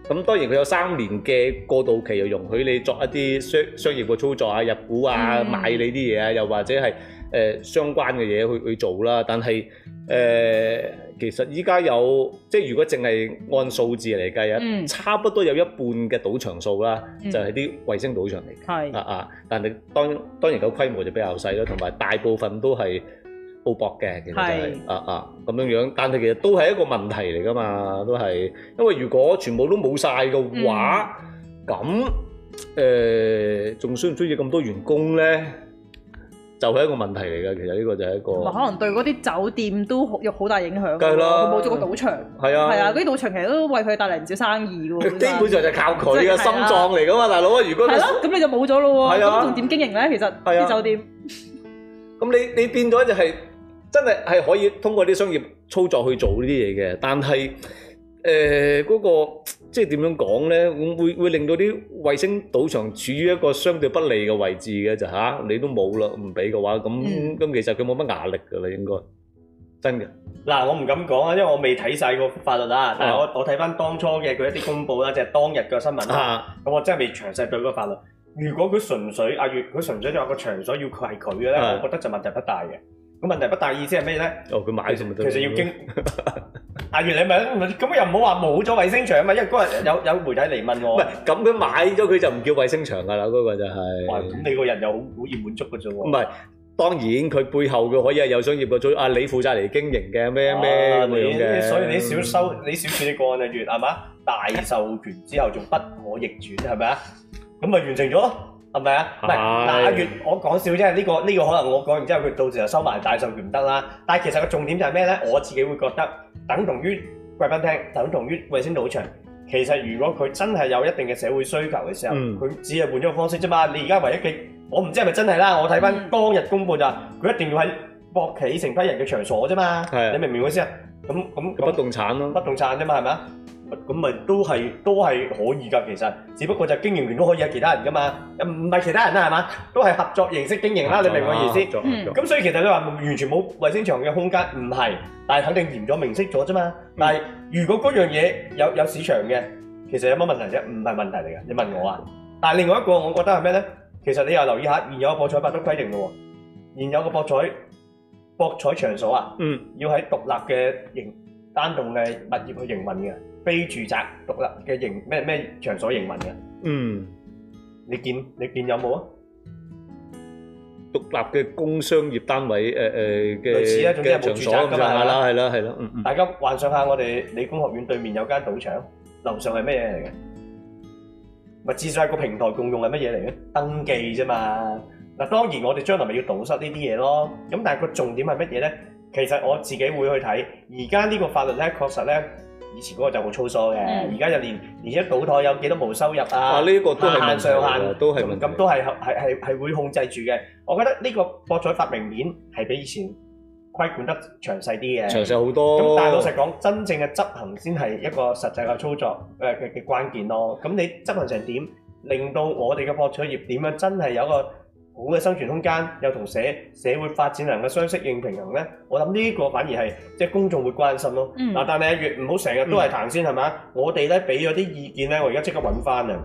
咁當然佢有三年嘅過渡期，又容許你作一啲商商業嘅操作啊，入股啊，買你啲嘢啊，又或者係誒、呃、相關嘅嘢去去做啦。但係誒、呃，其實依家有即係如果淨係按數字嚟計啊，嗯、差不多有一半嘅賭場數啦，嗯、就係啲衛星賭場嚟嘅，啊是啊！但係當當然個規模就比較細啦，同埋大部分都係澳博嘅，其實係啊啊咁樣樣，但係其實都係一個問題嚟噶嘛，都係因為如果全部都冇晒嘅話，咁誒仲需唔需要咁多員工咧？就係一個問題嚟噶，其實呢個就係一個。可能對嗰啲酒店都有好大影響。梗係啦，佢冇咗個賭場，係啊係啊，嗰啲賭場其實都為佢帶嚟唔少生意嘅喎。基本上就靠佢嘅心臟嚟噶嘛，大佬啊！如果係咯，咁你就冇咗咯喎，咁仲點經營咧？其實啲酒店。咁你你變咗就係。真係係可以通過啲商業操作去做呢啲嘢嘅，但係誒嗰個即係點樣講咧？會會令到啲衞星賭場處於一個相對不利嘅位置嘅就吓，你都冇啦，唔俾嘅話，咁咁其實佢冇乜壓力㗎啦，應該真嘅。嗱，我唔敢講啊，因為我未睇晒個法律啦。但係我我睇翻當初嘅佢一啲公佈啦，即係 [LAUGHS] 當日嘅新聞啦。咁 [LAUGHS] 我真係未詳細對嗰個法律。如果佢純粹阿月，佢純粹就話個場所要佢係佢嘅咧， [LAUGHS] 我覺得就問題不大嘅。個問題不大，意思係咩咧？哦，佢買咗咪得。其實要經阿元你問，咁又唔好話冇咗衛星場啊嘛，因為嗰日有有媒體嚟問喎，唔係咁樣買咗佢就唔叫衛星場㗎啦，嗰個就係。哇，咁你個人又好好易滿足㗎啫喎。唔係，當然佢背後佢可以係有商業嘅，做啊你負責嚟經營嘅咩咩嗰種嘅。所以你少收，你少轉啲個案啊，月係嘛？大授權之後仲不可逆轉係咪啊？咁咪完成咗。係咪啊？唔係嗱，阿月，我講笑啫。呢個呢個可能我講完之後，佢到時又收埋大信譽唔得啦。但係其實個重點就係咩咧？我自己會覺得等同於貴賓廳，等同於衛星賭場。其實如果佢真係有一定嘅社會需求嘅時候，佢只係換咗個方式啫嘛。你而家唯一嘅，我唔知係咪真係啦。我睇翻當日公佈就話，佢一定要喺博企承批人嘅場所啫嘛。你明唔明我意思啊？咁咁，不動產咯，不動產啫嘛，係咪啊？咁咪都係都係可以噶，其實只不過就係經營權都可以有其他人噶嘛，唔唔係其他人啦，係嘛？都係合作形式經營啦，你明我意思？咁所以其實你話完全冇衞星場嘅空間，唔係，但係肯定嚴咗明晰咗啫嘛。但係如果嗰樣嘢有有市場嘅，其實有乜問題啫？唔係問題嚟嘅，你問我啊。但係另外一個，我覺得係咩咧？其實你又留意下現有嘅博彩法都規定嘅喎，現有嘅博彩博彩場所啊，要喺獨立嘅營單獨嘅物業去營運嘅。非住宅獨立嘅營咩咩場所營運嘅？嗯，你見你見有冇啊？獨立嘅工商業單位誒誒嘅類似一種冇住宅嘅場所咁啊啦，係啦係啦。大家幻想下，我哋理工學院對面有間賭場，樓上係咩嘢嚟嘅？咪至少係個平台共用係乜嘢嚟嘅？登記啫嘛。嗱，當然我哋將來咪要堵塞呢啲嘢咯。咁但係個重點係乜嘢咧？其實我自己會去睇，而家呢個法律咧，確實咧。以前嗰個就好粗疏嘅，而家就連而且賭枱有幾多毛收入啊？呢個都係限上限都係咁，咁都係係係係會控制住嘅。我覺得呢個博彩法明面係比以前規管得詳細啲嘅，詳細好多。咁但係老實講，真正嘅執行先係一個實際嘅操作誒嘅嘅關鍵咯。咁你執行成點，令到我哋嘅博彩業點樣真係有個？好嘅生存空間，又同社社會發展能嘅相適應平衡咧，我諗呢個反而係即、就係、公眾會關心咯。嗯、但你越唔好成日都係彈先係嘛、嗯？我哋咧俾咗啲意見咧，我而家即刻揾翻啊！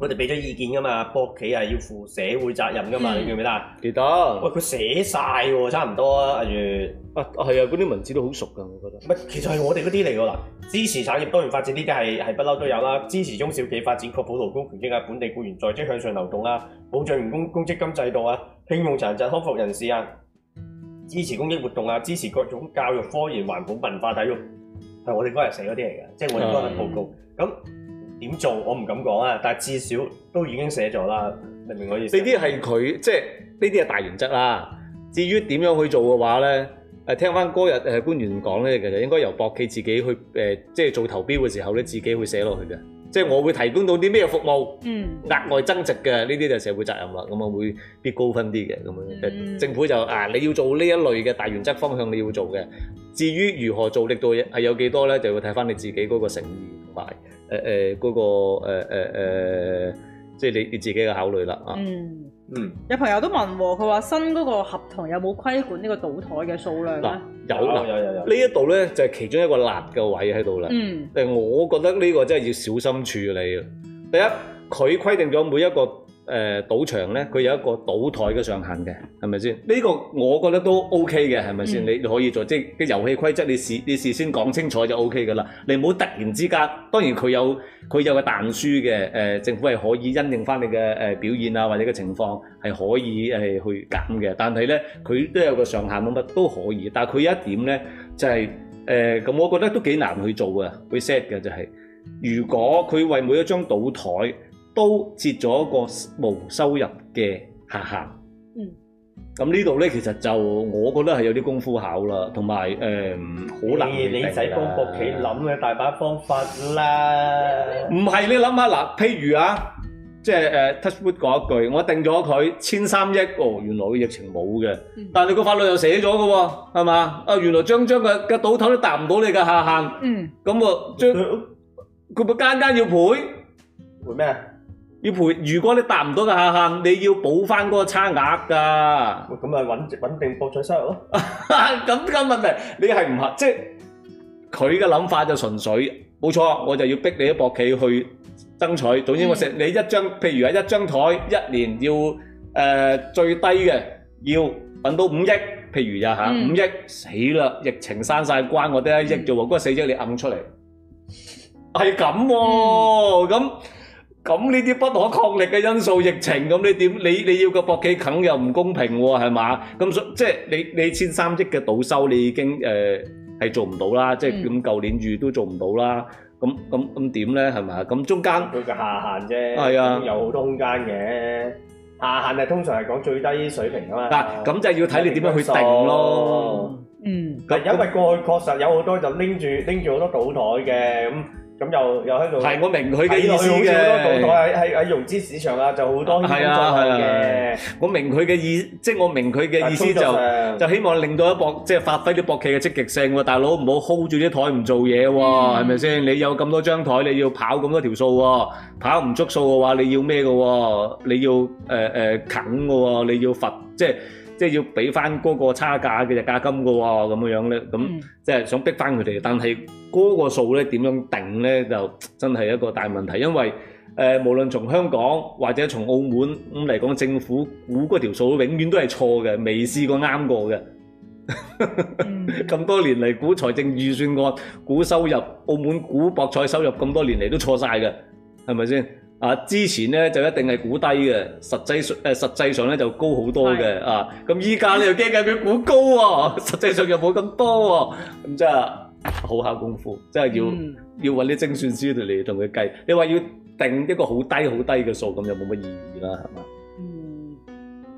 我哋俾咗意見噶嘛，博企係要負社會責任噶嘛，嗯、你記唔記得啊？記得。喂，佢寫晒喎，差唔多啊，阿月。啊，係啊，嗰啲、啊、文字都好熟噶，我覺得。唔係，其實係我哋嗰啲嚟㗎啦。支持產業多元發展呢啲係係不嬲都有啦。支持中小企發展，確保勞工權益啊，本地僱員在職向上流動啊，保障員工公積金制度啊，聘用殘疾康復人士啊，支持公益活動啊，支持各種教育、科研、環保、文化、體育，係我哋嗰日寫嗰啲嚟㗎，即係我哋嗰份報告咁。嗯點做我唔敢講啊！但係至少都已經寫咗啦，明唔明我意思？呢啲係佢即係呢啲係大原則啦。至於點樣去做嘅話咧，誒聽翻嗰日誒官員講咧，其實應該由博企自己去誒、呃，即係做投標嘅時候咧，你自己會寫落去嘅。即係我會提供到啲咩服務，嗯、額外增值嘅呢啲就係社會責任啦。咁啊會俾高分啲嘅咁樣。嗯、政府就啊，你要做呢一類嘅大原則方向你要做嘅。至於如何做力度係有幾多咧，就會睇翻你自己嗰個誠意同埋，誒誒嗰個誒誒即係你你自己嘅考慮啦啊！嗯嗯，嗯有朋友都問喎，佢話新嗰個合同有冇規管呢個賭枱嘅數量咧？啊，有有有、啊、有，呢一度咧就係其中一個辣嘅位喺度啦。嗯，誒，我覺得呢個真係要小心處理啊！第一，佢規定咗每一個。誒、呃、賭場咧，佢有一個賭台嘅上限嘅，係咪先？呢、這個我覺得都 OK 嘅，係咪先？你、嗯、你可以做即係啲遊戲規則，你事你事先講清楚就 OK 噶啦。你唔好突然之間，當然佢有佢有個彈輸嘅誒、呃，政府係可以因應翻你嘅誒表現啊，或者嘅情況係可以誒、呃、去減嘅。但係呢，佢都有個上限乜乜都可以，但係佢有一點呢，就係、是、誒，咁、呃、我覺得都幾難去做嘅佢 set 嘅就係、是、如果佢為每一張賭台，都設咗一個無收入嘅下限。嗯。咁呢度咧，其實就我覺得係有啲功夫巧啦，同埋誒好難定。係你仔幫國企諗嘅大把方法啦。唔係你諗下嗱，譬如啊，即係誒 Touchwood 嗰一句，我定咗佢千三億喎。原來個疫情冇嘅，但係個法律又寫咗嘅喎，係嘛？啊，原來張張嘅嘅賭頭都達唔到你嘅下限。嗯。咁啊，將佢咪間間要賠？賠咩？要賠，如果你達唔到嘅下限，你要補翻嗰個差額㗎。咁啊，穩定博彩收入咁咁咪咪， [LAUGHS] 你係唔合，即係佢嘅諗法就純粹冇錯，我就要逼你啲博企去爭取。總之我食、嗯、你一張，譬如啊一張台一年要、呃、最低嘅要揾到五億，譬如啊五、嗯、億死啦！疫情閂曬關，我得一億啫喎，嗰四、嗯、億你揞出嚟，係咁喎。咁呢啲不可抗力嘅因素，疫情咁你點？你你要個博企梗又唔公平喎，係嘛？咁所即係你你千三億嘅賭收，你已經誒係做唔到啦，即係咁舊年預都做唔到啦。咁咁咁點咧？係咪？咁中間佢嘅下限啫，係啊，有好多空間嘅下限係通常係講最低水平啊嘛。嗱，咁就係要睇你點樣去定咯。嗯，係因為過去確實有好多就拎住拎住好多賭台嘅咁。咁又又喺度，係我明佢嘅意思嘅。台喺喺喺融資市場啦，就好多啲工作嘅。我明佢嘅意思，即係我明佢嘅意思就就希望令到一博，即係發揮啲博企嘅積極性喎、啊。大佬唔好 hold 住啲台唔做嘢喎、啊，係咪先？你有咁多張台，你要跑咁多條數喎、啊，跑唔足數嘅話，你要咩嘅、啊？你要誒誒、呃呃、啃嘅、啊，你要罰，即係。即係要俾翻嗰個差價嘅價金嘅喎，咁樣咧，咁即係想逼翻佢哋。但係嗰個數咧點樣定咧，就真係一個大問題。因為誒、呃，無論從香港或者從澳門咁嚟講，政府估嗰條數永遠都係錯嘅，未試過啱過嘅。咁 [LAUGHS] 多年嚟估財政預算案、估收入、澳門估博彩收入，咁多年嚟都錯晒嘅，係咪先？啊！之前咧就一定係估低嘅，實際誒、呃、實際上咧就高好多嘅的啊！咁依家你又驚緊佢估高喎、啊，實際上又冇咁多喎、啊，咁真係好下功夫，真係要、嗯、要啲精算師度嚟同佢計。你話要定一個好低好低嘅數，咁又冇乜意義啦，係嘛？嗯，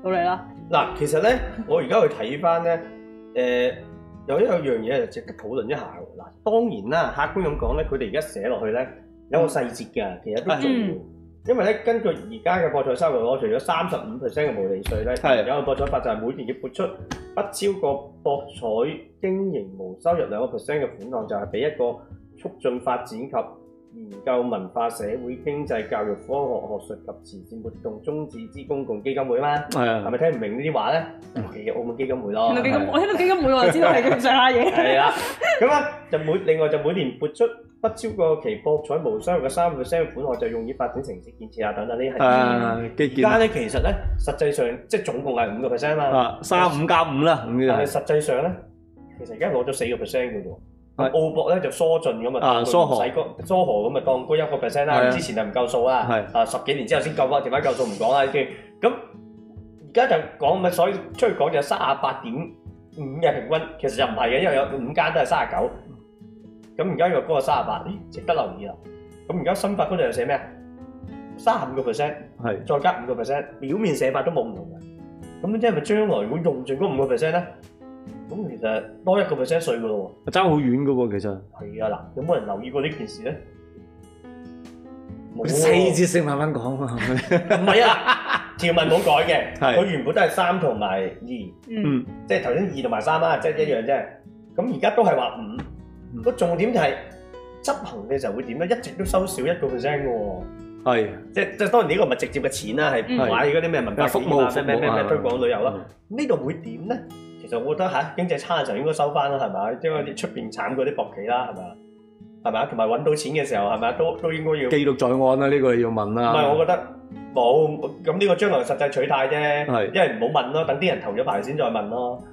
到你啦。嗱，其實咧，我而家去睇翻咧，誒、呃、有一樣嘢就值得討論一下。嗱，當然啦，客觀咁講咧，佢哋而家寫落去咧有好細節嘅，其實都重要。因為根據而家嘅博彩收入，我除咗三十五 p e r 嘅無釐稅咧，的有個博彩法就係每年要撥出不超過博彩經營無收入兩個 p 嘅款項，就係、是、俾一個促進發展及研究文化、社會、經濟、教育、科學、學術及慈善活動宗旨之公共基金會嘛，係咪聽唔明呢啲話咧？係澳門基金會咯。基金會，我聽到基金會我就知道係咁上下嘢。係啦，咁啊就每另外就每年撥出不超過其博彩無傷嘅三個 percent 款項，就用於發展城市建設啊等等呢啲。啊，基建。而家咧其實咧，實際上即係總共係五個 percent 嘛，三五加五啦，但係實際上咧，其實而家攞咗四個 percent 嘅喎。澳博咧就疏盡咁啊，當佢唔使個疏河咁啊，當高一個 percent 啦。之前就唔夠數啊，啊十幾年之後先夠翻，點解夠數唔講啦已經。咁而家就講咪，所以出去講就三十八點五嘅平均，其實就唔係嘅，因為有五間都係三十九。咁而家又高個三十八，咦，值得留意啦。咁而家新法嗰度又寫咩啊？三十五個 percent，係再加五個 percent，表面寫法都冇唔同嘅。咁即係咪將來會用盡嗰五個 percent 咧？咁其實多一個 percent 稅噶咯喎，爭好遠噶喎，其實係啊，嗱，有冇人留意過呢件事咧？細節性慢慢講啊，唔係啊，條文冇改嘅，係佢原本都係三同埋二，嗯，即係頭先二同埋三啊，即係一樣啫。咁而家都係話五，個重點就係執行嘅時候會點咧？一直都收少一個 percent 噶喎，係即即當然呢個唔係直接嘅錢啦，係買嗰啲咩文化服務啊、咩咩咩咩推廣旅遊咯，呢度會點咧？其實我覺得吓、啊、經濟差嘅時候應該收翻啦，係咪？因為啲出邊產嗰啲博企啦，係咪？係咪？同埋揾到錢嘅時候，係咪都都應該要記錄在案啦。呢、這個要問啦。唔係，我覺得冇，咁呢個將來實際取態啫，係是，因為唔好問咯，等啲人投咗牌先再問咯。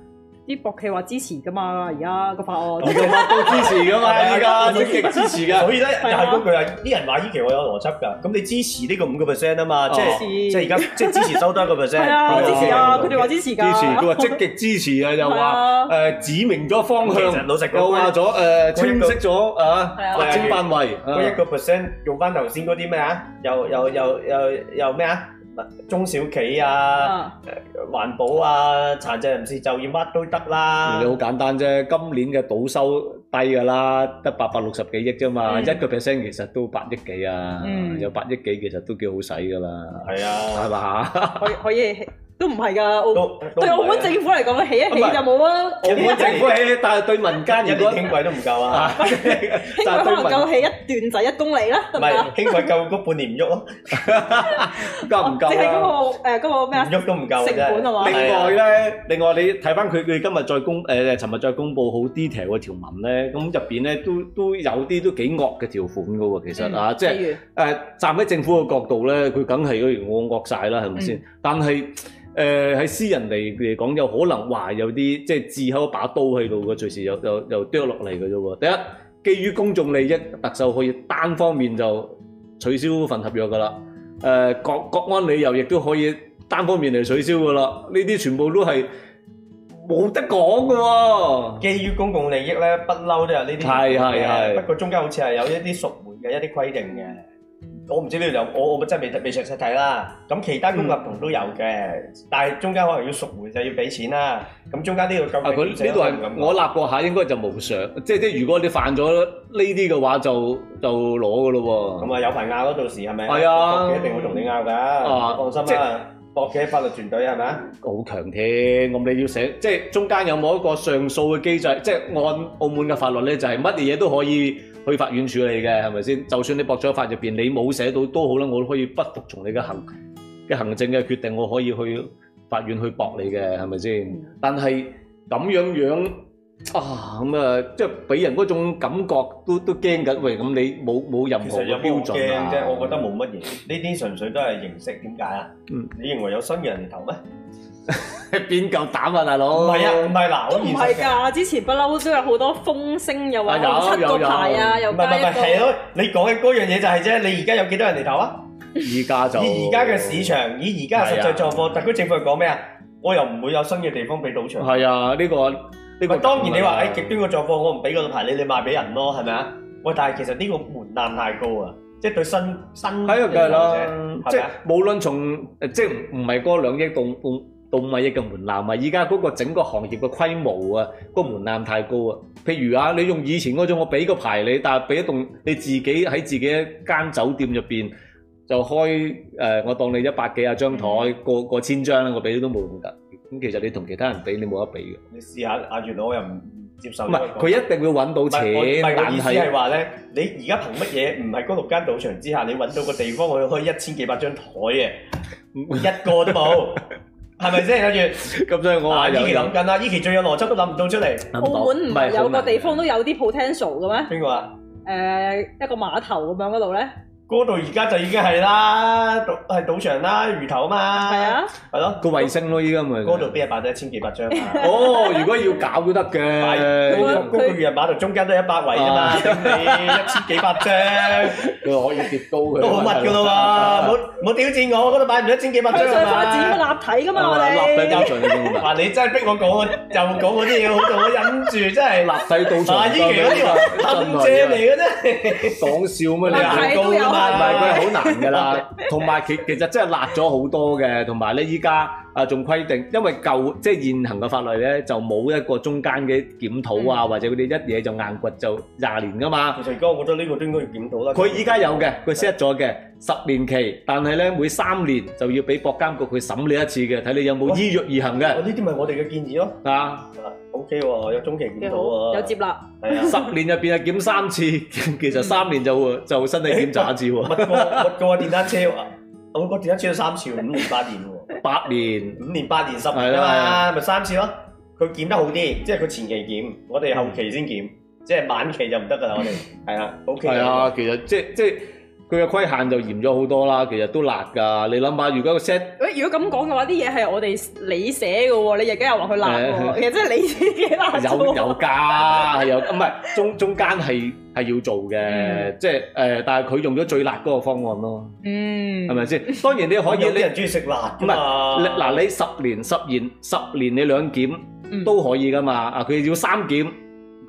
啲博企話支持噶嘛，而家個法案，而家都支持噶嘛，而家積極支持噶，所以咧又係嗰句啊，啲人話呢期我有邏輯噶，咁你支持呢個五個 percent 啊嘛，即係即係而家即係支持收多一個 percent，係啊，支持啊，佢哋話支持噶，支持佢話積極支持啊，又話誒指明咗方向，老實講又話咗誒清晰咗啊範圍，嗰一個 percent 用翻頭先嗰啲咩啊，又又又又又咩啊？中小企啊，環、啊、保啊，殘疾、啊、人士就業乜都得啦、嗯。你好簡單啫，今年嘅賭收低噶啦，得八百六十幾億啫嘛，一個 percent 其實都八億幾啊，嗯、有八億幾其實都幾好使噶啦。係啊的，係嘛，可以可以。可以可以都唔係噶，對澳門政府嚟講，起一起就冇啊！澳門政府起，但係對民間如果輕軌都唔夠啊，就可能夠起一段就一公里啦，係咪啊？輕軌夠嗰半年唔喐咯，夠唔夠啊？誒嗰個咩啊？唔喐都唔夠，成本係嘛？另外咧，另外你睇翻佢佢今日再公誒，尋日再公布好 detail 嘅條文咧，咁入邊咧都都有啲都幾惡嘅條款噶喎，其實啊，即係誒站喺政府嘅角度咧，佢梗係要惡惡曬啦，係咪先？但係誒喺、呃、私人嚟嚟講，有可能話有啲即係置口一把刀喺度嘅，隨時又又又跌落嚟嘅啫喎。第一，基於公眾利益，特首可以單方面就取消份合約嘅啦。誒、呃，國國安理由亦都可以單方面嚟取消嘅啦。呢啲全部都係冇得講嘅喎。基於公共利益咧，不嬲都有呢啲嘅。係係係。不過中間好似係有一啲熟門嘅一啲規定嘅。我唔知呢度，我我真係未未詳細睇啦。咁其他公合同都有嘅，但係中間可能要贖回就要俾錢啦。咁中間呢度夠唔夠？呢度係我立過下，應該就無上。即係即係，如果你犯咗呢啲嘅話，就就攞嘅咯喎。咁啊，有排拗嗰陣時係咪？係啊，一定會同你拗㗎。啊，放心啦，博企法律團隊係咪啊？好強添。咁你要寫，即係中間有冇一個上訴嘅機制？即係按澳門嘅法律咧，就係乜嘢嘢都可以。去法院處理嘅係咪先？就算你駁咗法入邊，你冇寫到都好啦，我都可以不服從你嘅行嘅行政嘅決定，我可以去法院去駁你嘅係咪先？是是嗯、但係咁樣樣啊咁啊，即係俾人嗰種感覺都都驚緊。喂，咁你冇冇任何嘅標準啊？有有我覺得冇乜嘢，呢啲純粹都係形式。點解啊？嗯、你認為有新嘅人頭咩？邊夠膽啊，大佬！唔係啊，唔係嗱，我唔係噶。之前不嬲都有好多風聲，又話出七個牌啊，又加一個。你講嘅嗰樣嘢就係啫。你而家有幾多人嚟投啊？而家就以而家嘅市場，以而家嘅實際狀況，特區政府講咩啊？我又唔會有新嘅地方俾賭場。係啊，呢個呢個當然你話喺極端嘅狀況，我唔俾個牌你，你賣俾人咯，係咪啊？喂，但係其實呢個門檻太高啊，即係對新新投資者，即係無論從即係唔係嗰兩億到。動漫一嘅門檻啊，而家嗰個整個行業嘅規模啊，個門檻太高啊。譬如啊，你用以前嗰種，我俾個牌你，但係俾一棟，你自己喺自己一間酒店入邊就開誒、呃，我當你一百幾啊張台，過過、嗯、千張啦，我俾都冇用㗎。咁其實你同其他人比，你冇得比嘅。你試下阿月老又唔接受。唔係不，佢為一定會揾到錢，但係係話呢，你而家憑乜嘢唔係嗰六間賭場之下，你揾到個地方我要開一千幾百張台啊，一個都冇。 [LAUGHS] 係咪先，跟住咁所以我依期諗緊啦，依期最有邏輯都諗唔到出嚟。澳門唔係 [NOISE] 有個地方都有啲 potential 嘅咩？邊個啊？Uh, 一個碼頭咁樣嗰度呢。嗰度而家就已經係啦，賭係賭場啦，魚頭啊嘛，係啊，係咯，個衞星咯，依家咪，嗰度邊日擺咗一千幾百張。哦，如果要搞都得嘅，咁啊，嗰個魚人碼頭中間都一百位咋嘛，你一千幾百張，佢可以疊高嘅。都好乜嘅咯嘛，冇冇屌戰挑戰我嗰度擺唔到一千幾百張啊嘛。佢再發展咪立體嘅嘛，立體賭場。話你真係逼我講啊，就講嗰啲嘢，好在我忍住，真係立體賭場。依期嗰啲話，陷阱嚟嘅啫，講笑咩你幾高？唔係，佢係好難噶啦，同埋其其實真係辣咗好多嘅，同埋咧依家啊仲規定，因為舊即係現行嘅法律咧就冇一個中間嘅檢討啊，或者佢哋一嘢就硬掘就廿年噶嘛。徐哥，我覺得呢個應該要檢討啦。佢依家有嘅，佢 set 咗嘅十年期，但係咧每三年就要俾博監局去審理一次嘅，睇你有冇依約而行嘅。呢啲咪我哋嘅建議咯。係啊。O K 喎，okay, 有中期檢到喎，有接啦。係啊，十年入邊啊檢三次，其實三年就會 [LAUGHS] 就身體檢查一次喎、啊。唔係我我電單車， [LAUGHS] 我個電單車三次，五年八年喎年。八年五年八年十年啊嘛，咪、啊、三次咯、啊。佢檢得好啲，即係佢前期檢，我哋後期先檢，嗯、即係晚期就唔得㗎喇。我哋係啦，O K 啊。係啊 Okay、嗯，其實即即。即佢嘅規限就嚴咗好多啦，其實都辣㗎。你諗下，如果 set 誒，如果咁講嘅話，啲嘢係我哋你寫嘅喎，你日幾又話佢辣 [LAUGHS] 其實真係你自己辣有。有 [LAUGHS] 有㗎，有唔係中中間係係要做嘅，嗯、即係誒、呃，但係佢用咗最辣嗰個方案咯。嗯，係咪先？當然你可以，你又人中意食辣㗎嘛。嗱，你十年、十年、十年，你兩檢都可以㗎嘛。啊，佢要三檢。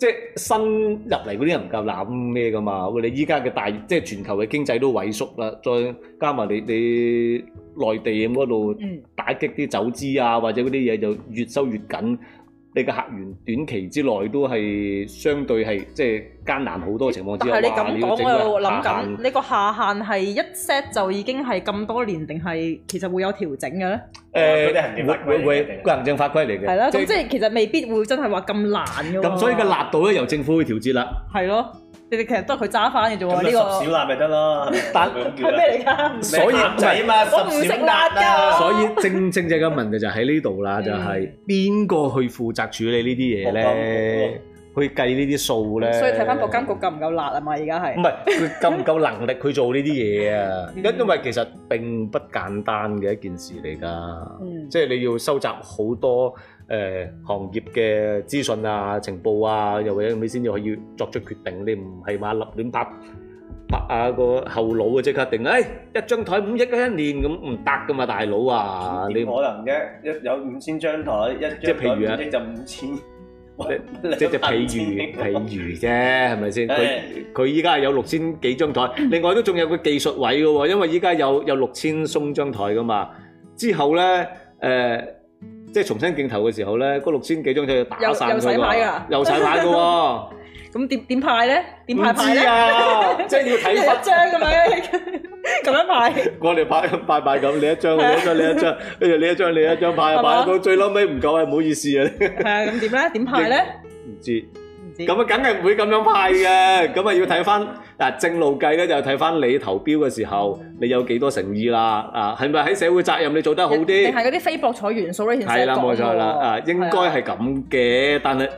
即係新入嚟嗰啲人唔夠膽咩㗎嘛？你依家嘅大即係全球嘅經濟都萎縮啦，再加埋你你內地嗰度打擊啲走資啊，或者嗰啲嘢就越收越緊。你個客源短期之內都係相對係即係艱難好多嘅情況之下，你要整下限。我諗緊呢個下限係一 set 就已經係咁多年，定係其實會有調整嘅咧？誒，會會會，個行政法規嚟嘅。係啦，咁即係其實未必會真係話咁難嘅喎。咁所以個辣度咧，由政府去調節啦。係咯。你哋其實都係佢揸翻嘅啫喎，呢個拾小辣咪得咯。但係咩嚟㗎？所以就係啊嘛，我唔食辣㗎。所以正正正嘅問題就喺呢度啦，就係邊個去負責處理呢啲嘢咧？去計呢啲數咧？所以睇翻個金局夠唔夠辣啊嘛？而家係唔係佢夠唔夠能力去做呢啲嘢啊？因因為其實並不簡單嘅一件事嚟㗎，即係你要收集好多。誒行業嘅資訊啊、情報啊，又或者你先至可以作出決定，你唔係話立亂拍拍啊個後腦啊即刻定，誒一張台五億一年咁唔得噶嘛，大佬啊，點可能啫？一有五千張台一張台即係譬如啊就五千，即係譬如譬如啫，係咪先？佢佢依家係有六千幾張台，另外都仲有個技術位嘅喎，因為依家有有六千鬆張台噶嘛，之後咧誒。即係重新競投嘅時候咧，嗰六千幾張就要打晒，又洗牌噶，又洗牌噶喎。咁點點派咧？點派派唔知啊，即係要睇十張咁樣咁樣派。我哋派咁拜拜咁，你一張，你一張，你一張，跟住你一張，你一張派一派到最撈尾唔夠係！唔好意思啊。係啊，咁點咧？點派咧？唔知。咁啊，梗係唔會咁樣派嘅，咁啊要睇翻嗱正路計咧，就睇翻你投標嘅時候，你有幾多誠意啦？啊，係咪喺社會責任你做得好啲？定係嗰啲非博彩元素咧？係、so、啦了，冇的錯啦，啊應該係咁嘅，但係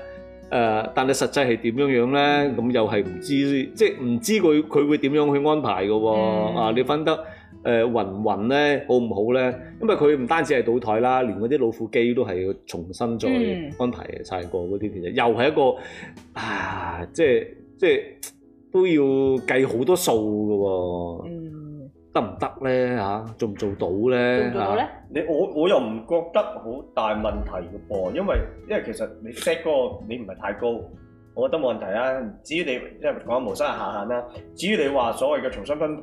誒，但係實際係點樣樣咧？咁又係唔知，即係唔知佢佢會點樣去安排嘅喎、啊？嗯、啊，你分得。誒運運咧好唔好咧？嗯、因為佢唔單止係賭台啦，連嗰啲老虎機都係要重新再安排晒個嗰啲嘅，嗯、又係一個啊，即係即係都要計好多數嘅喎、啊。嗯，得唔得咧嚇？做唔做到咧？咧？你我我又唔覺得好大問題嘅噃，因為因為其實你 set 嗰個你唔係太高，我覺得冇問題啦。至於你即係講模式係下限啦，至於你話所謂嘅重新分配。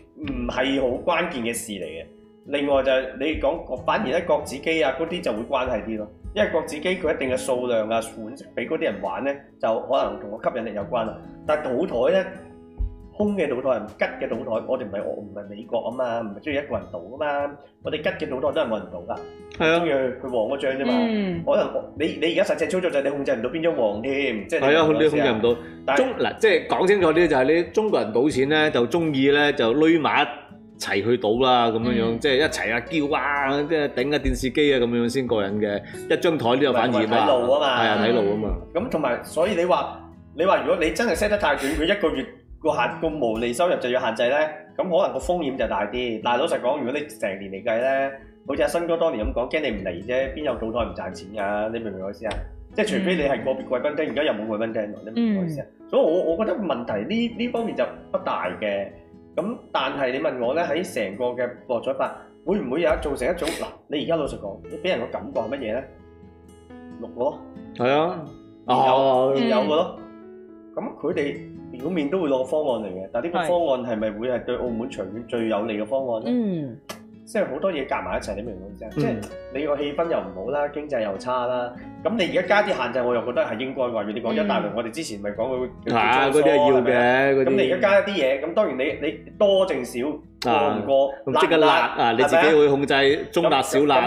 唔係好關鍵嘅事嚟嘅，另外就係你講，反而呢角子機啊嗰啲就會關係啲咯，因為角子機佢一定嘅數量啊款式俾嗰啲人玩呢，就可能同個吸引力有關啦。但係賭枱呢？空嘅賭台，吉嘅賭台，我哋唔係我唔係美國啊嘛，唔係中意一個人賭啊嘛。我哋吉嘅賭台都係冇人賭噶。係啊，中意佢王嗰張啫嘛。可能你你而家實際操作就你控制唔到邊張王添，即係。係啊，控制都控制唔到。中嗱，即係講清楚啲就係你中國人賭錢咧，就中意咧就匿埋一齊去賭啦，咁樣樣即係一齊啊叫啊，即係頂個電視機啊咁樣先過癮嘅。一張台都有，反而睇路啊嘛，係啊，睇路啊嘛。咁同埋所以你話你話，如果你真係 set 得太短，佢一個月。個限個無利收入就要限制咧，咁可能個風險就大啲。但係老實講，如果你成年嚟計咧，好似阿新哥當年咁講，驚你唔嚟啫，邊有賭台唔賺錢噶？你明唔明我意思啊？即係除非你係個別貴賓廳，而家又冇貴賓廳咯。你明唔明我意思啊？所以我我覺得問題呢呢方面就不大嘅。咁但係你問我咧，喺成個嘅博彩法會唔會有一造成一種嗱？你而家老實講，你俾人個感覺係乜嘢咧？六個咯，係啊，有有個咯。咁佢哋。表面都會攞個方案嚟嘅，但係呢個方案係咪會係對澳門長遠最有利嘅方案咧？嗯，即係好多嘢夾埋一齊，你明唔明意思？即係你個氣氛又唔好啦，經濟又差啦。咁你而家加啲限制，我又覺得係應該嘅。如你講，一大輪我哋之前咪講佢，嚇，嗰啲係要嘅。咁你而家加一啲嘢，咁當然你你多淨少過唔過，辣唔辣啊？你自己會控制中辣、小辣，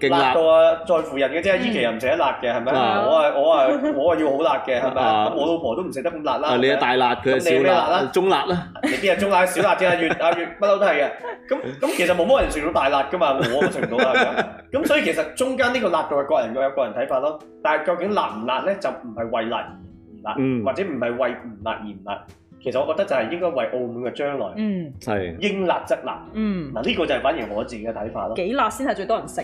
勁辣到啊在乎人嘅啫。依期又唔食得辣嘅，係咪我啊，我啊，我啊要好辣嘅，係咪啊？我老婆都唔食得咁辣啦。你係大辣，佢係小辣啦，中辣啦。你邊係中辣、小辣啫？啊，越啊越，不嬲都係嘅。咁咁其實冇乜人食到大辣嘅嘛，我都食唔到啦。咁所以其實中間呢個辣度係個人嘅，有個人睇法咯。但係究竟辣唔辣咧，就唔係為辣而辣，嗯、或者唔係為唔辣而唔辣。其實我覺得就係應該為澳門嘅將來，係應辣則辣。嗱，呢個就係反而我自己嘅睇法咯。幾辣先係最多人食，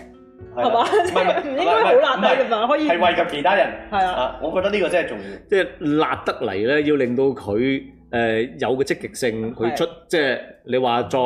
係嘛？即係唔應該好辣啲啊嘛，可以係惠及其他人。係啊，我覺得呢個真係重要。即係辣得嚟咧，要令到佢誒有個積極性去，佢出即係你話再。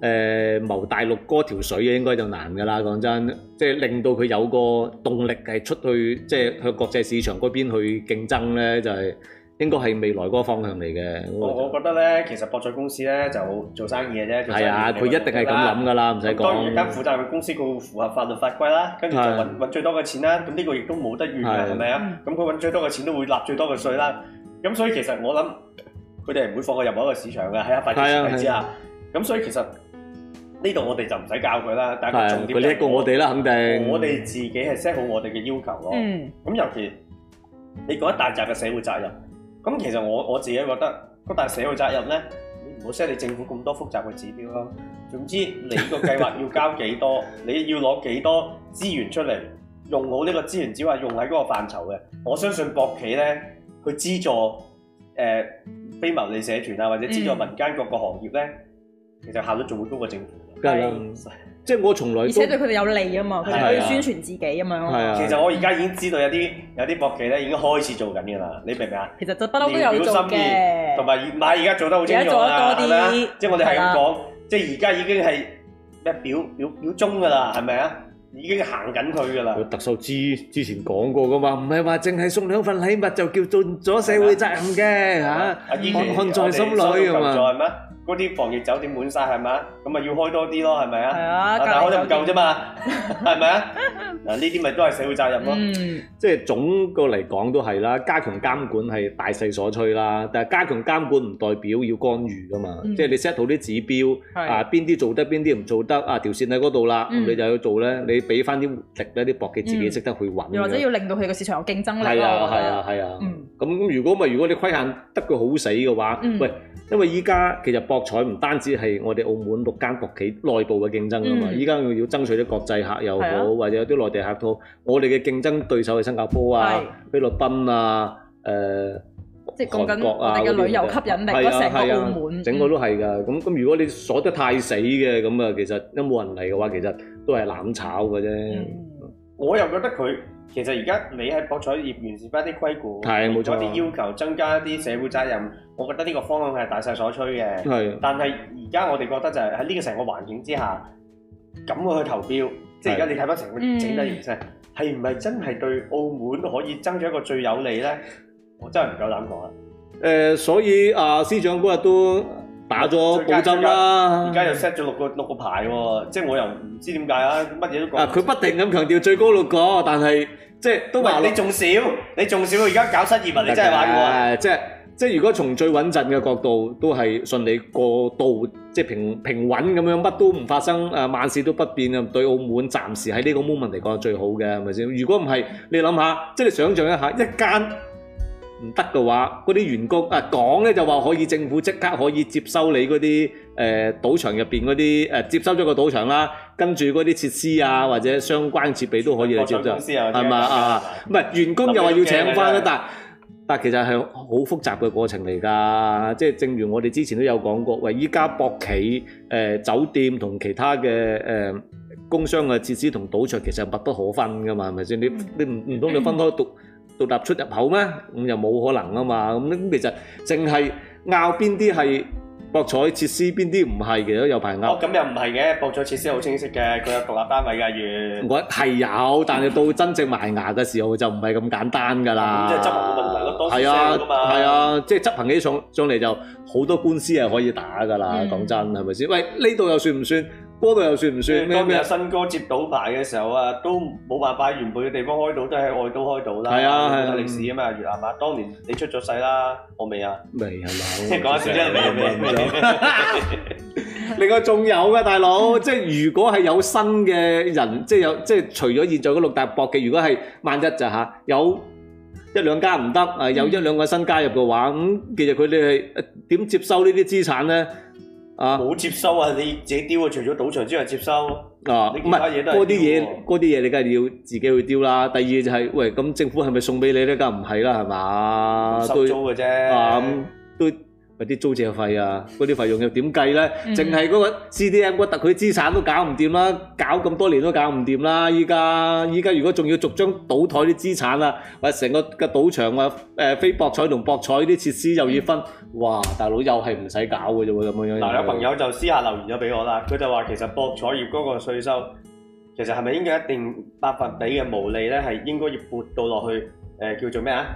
誒謀大陸嗰條水嘅應該就難噶啦，講真，即係令到佢有個動力係出去，即係向國際市場嗰邊去競爭咧，就係應該係未來嗰個方向嚟嘅。我我覺得咧，其實博彩公司咧就做生意嘅啫。係啊，佢一定係咁諗噶啦，唔使講。當然間負責任嘅公司佢符合法律法規啦，跟住就揾揾最多嘅錢啦。咁呢個亦都冇得怨啊，係咪啊？咁佢揾最多嘅錢都會納最多嘅稅啦。咁所以其實我諗佢哋係唔會放過任何一個市場嘅，係啊，大家知唔知啊？咁所以其實。呢度我哋就唔使教佢啦，但係重點咧，佢叻過我哋啦，肯定。我哋自己係 set 好我哋嘅要求咯。嗯。咁尤其你講一大扎嘅社會責任，咁其實我我自己覺得，嗰大社會責任咧，唔好 set 你政府咁多複雜嘅指標咯。總之你個計劃要交幾多， [LAUGHS] 你要攞幾多資源出嚟，用好呢個資源，只話用喺嗰個範疇嘅。我相信博企咧，去資助誒、呃、非牟利社團啊，或者資助民間各個行業咧，嗯、其實效率仲會高過政府。係，即係我從來，而且對佢哋有利啊嘛，佢可以宣傳自己啊嘛。係啊，其實我而家已經知道有啲有啲博企咧，已經開始做緊噶啦，你明唔明啊？其實就不嬲都有做嘅，同埋買而家做得好清楚做得多啲，嗯。即係我哋係咁講，即係而家已經係咩表表表忠噶啦，係咪啊？已經行緊佢噶啦。特首之之前講過噶嘛，唔係話淨係送兩份禮物就叫做咗社會責任嘅吓，看看在心裏噶嘛。啊。嗰啲防疫酒店滿曬係咪？咁咪要開多啲咯，係咪啊？係啊，但係開得唔夠啫嘛，係咪啊？嗱，呢啲咪都係社會責任咯。即係總個嚟講都係啦，加強監管係大勢所趨啦。但係加強監管唔代表要干預㗎嘛。即係你 set 好啲指標，啊，邊啲做得，邊啲唔做得啊？條線喺嗰度啦，你就要做咧。你俾翻啲力咧，啲博嘅自己識得去揾。又或者要令到佢個市場有競爭力。係啊，係啊，係啊。嗯，咁如果咪如果你規限得佢好死嘅話，喂，因為依家其實博彩唔單止係我哋澳門六間國企內部嘅競爭啊嘛，依家、嗯、要爭取啲國際客又好，啊、或者有啲內地客都，我哋嘅競爭對手係新加坡啊、是菲律賓啊、誒、呃、即係是韓國啊，我哋嘅旅遊吸引力啦，成個澳門、啊啊啊、整個都係㗎。咁咁、嗯、如果你鎖得太死嘅，咁啊其實一冇人嚟嘅話，其實都係攬炒嘅啫。嗯、我又覺得佢。其實而家你喺博彩業完善翻啲規管，有啲的要求錯增加一啲社會責任，我覺得呢個方向係大勢所趨嘅。係的，但係而家我哋覺得就係喺呢個成個環境之下，咁我去投票，的即係而家你睇翻成個整體形勢，係唔係真係對澳門可以爭取一個最有利咧？我真係唔夠膽講啦。誒、呃，所以啊，司長嗰日都。打咗保針啦，而家又 set 咗六個六個牌喎、啊，即係我又唔知點解啊，乜嘢都講啊！佢不停咁強調最高六個，但係即係都話你仲少，你仲少，而家搞失業啊！你真係玩過啊！即係即係，即如果從最穩陣嘅角度，都係順利過渡，即係平平穩咁樣，乜都唔發生，誒、啊、萬事都不變啊！對澳門暫時喺呢個 moment 嚟講係最好嘅，係咪先？如果唔係，你諗下，即係你想象一下，一間。唔得嘅話，嗰啲員工啊，講咧就話可以政府即刻可以接收你嗰啲，誒賭場入邊嗰啲誒接收咗個賭場啦，跟住嗰啲設施啊、嗯、或者相關設備都可以嚟接收咗，係咪、嗯嗯、啊？唔係員工又話要請翻，但但其實係好複雜嘅過程嚟㗎。嗯、即係正如我哋之前都有講過，喂依家博企誒、呃、酒店同其他嘅誒、呃、工商嘅設施同賭場其實密不可分㗎嘛，係咪先？你你唔唔通你分開讀？ [LAUGHS] 獨立出入口咩？咁又冇可能啊嘛！咁其實淨係拗邊啲係博彩設施，邊啲唔係嘅都有排拗。哦，咁又唔係嘅，博彩設施好清晰嘅，佢有獨立單位㗎，如我係有，但係到真正埋牙嘅時候就唔係咁簡單㗎啦、嗯。即係執行問題咯，當時係啊，係啊，即係執行起上上嚟就好多官司係可以打㗎啦。講、嗯、真係咪先？喂，呢度又算唔算？波度又算唔算咩？當年新哥接到牌嘅時候啊，都冇辦法，原本嘅地方開到都喺外島開到啦。係啊，係歷史啊嘛，越南嘛。當年你出咗世啦，我未啊？未係嘛？即係講少啲，未未未。另外仲有嘅大佬，即係如果係有新嘅人，即係有即係除咗現在嗰六大博企嘅，如果係萬一就吓有一兩家唔得啊，有一兩個新加入嘅話，咁其實佢哋係點接收呢啲資產咧？冇、啊、接收啊！你自己丟啊！除咗賭場之外，接收啊！都啊你唔係嗰啲嘢，嗰啲嘢你梗係要自己去丟啦、啊。第二就係、是，喂，咁政府係咪送俾你咧？梗唔係啦，係嘛？收租嘅啫都。啊、嗯，都。嗰啲租借費啊，嗰啲費用又點計咧？淨係嗰個 CDM 屈特，佢啲資產都搞唔掂啦，搞咁多年都搞唔掂啦！依家依家如果仲要逐張賭台啲資產啊，或者成個嘅賭場啊，誒非博彩同博彩啲設施又要分，哇！大佬又係唔使搞嘅啫喎，咁樣樣。嗱有朋友就私下留言咗俾我啦，佢就話其實博彩業嗰個稅收，其實係咪應該一定百分比嘅毛利咧？係應該要撥到落去誒叫做咩啊？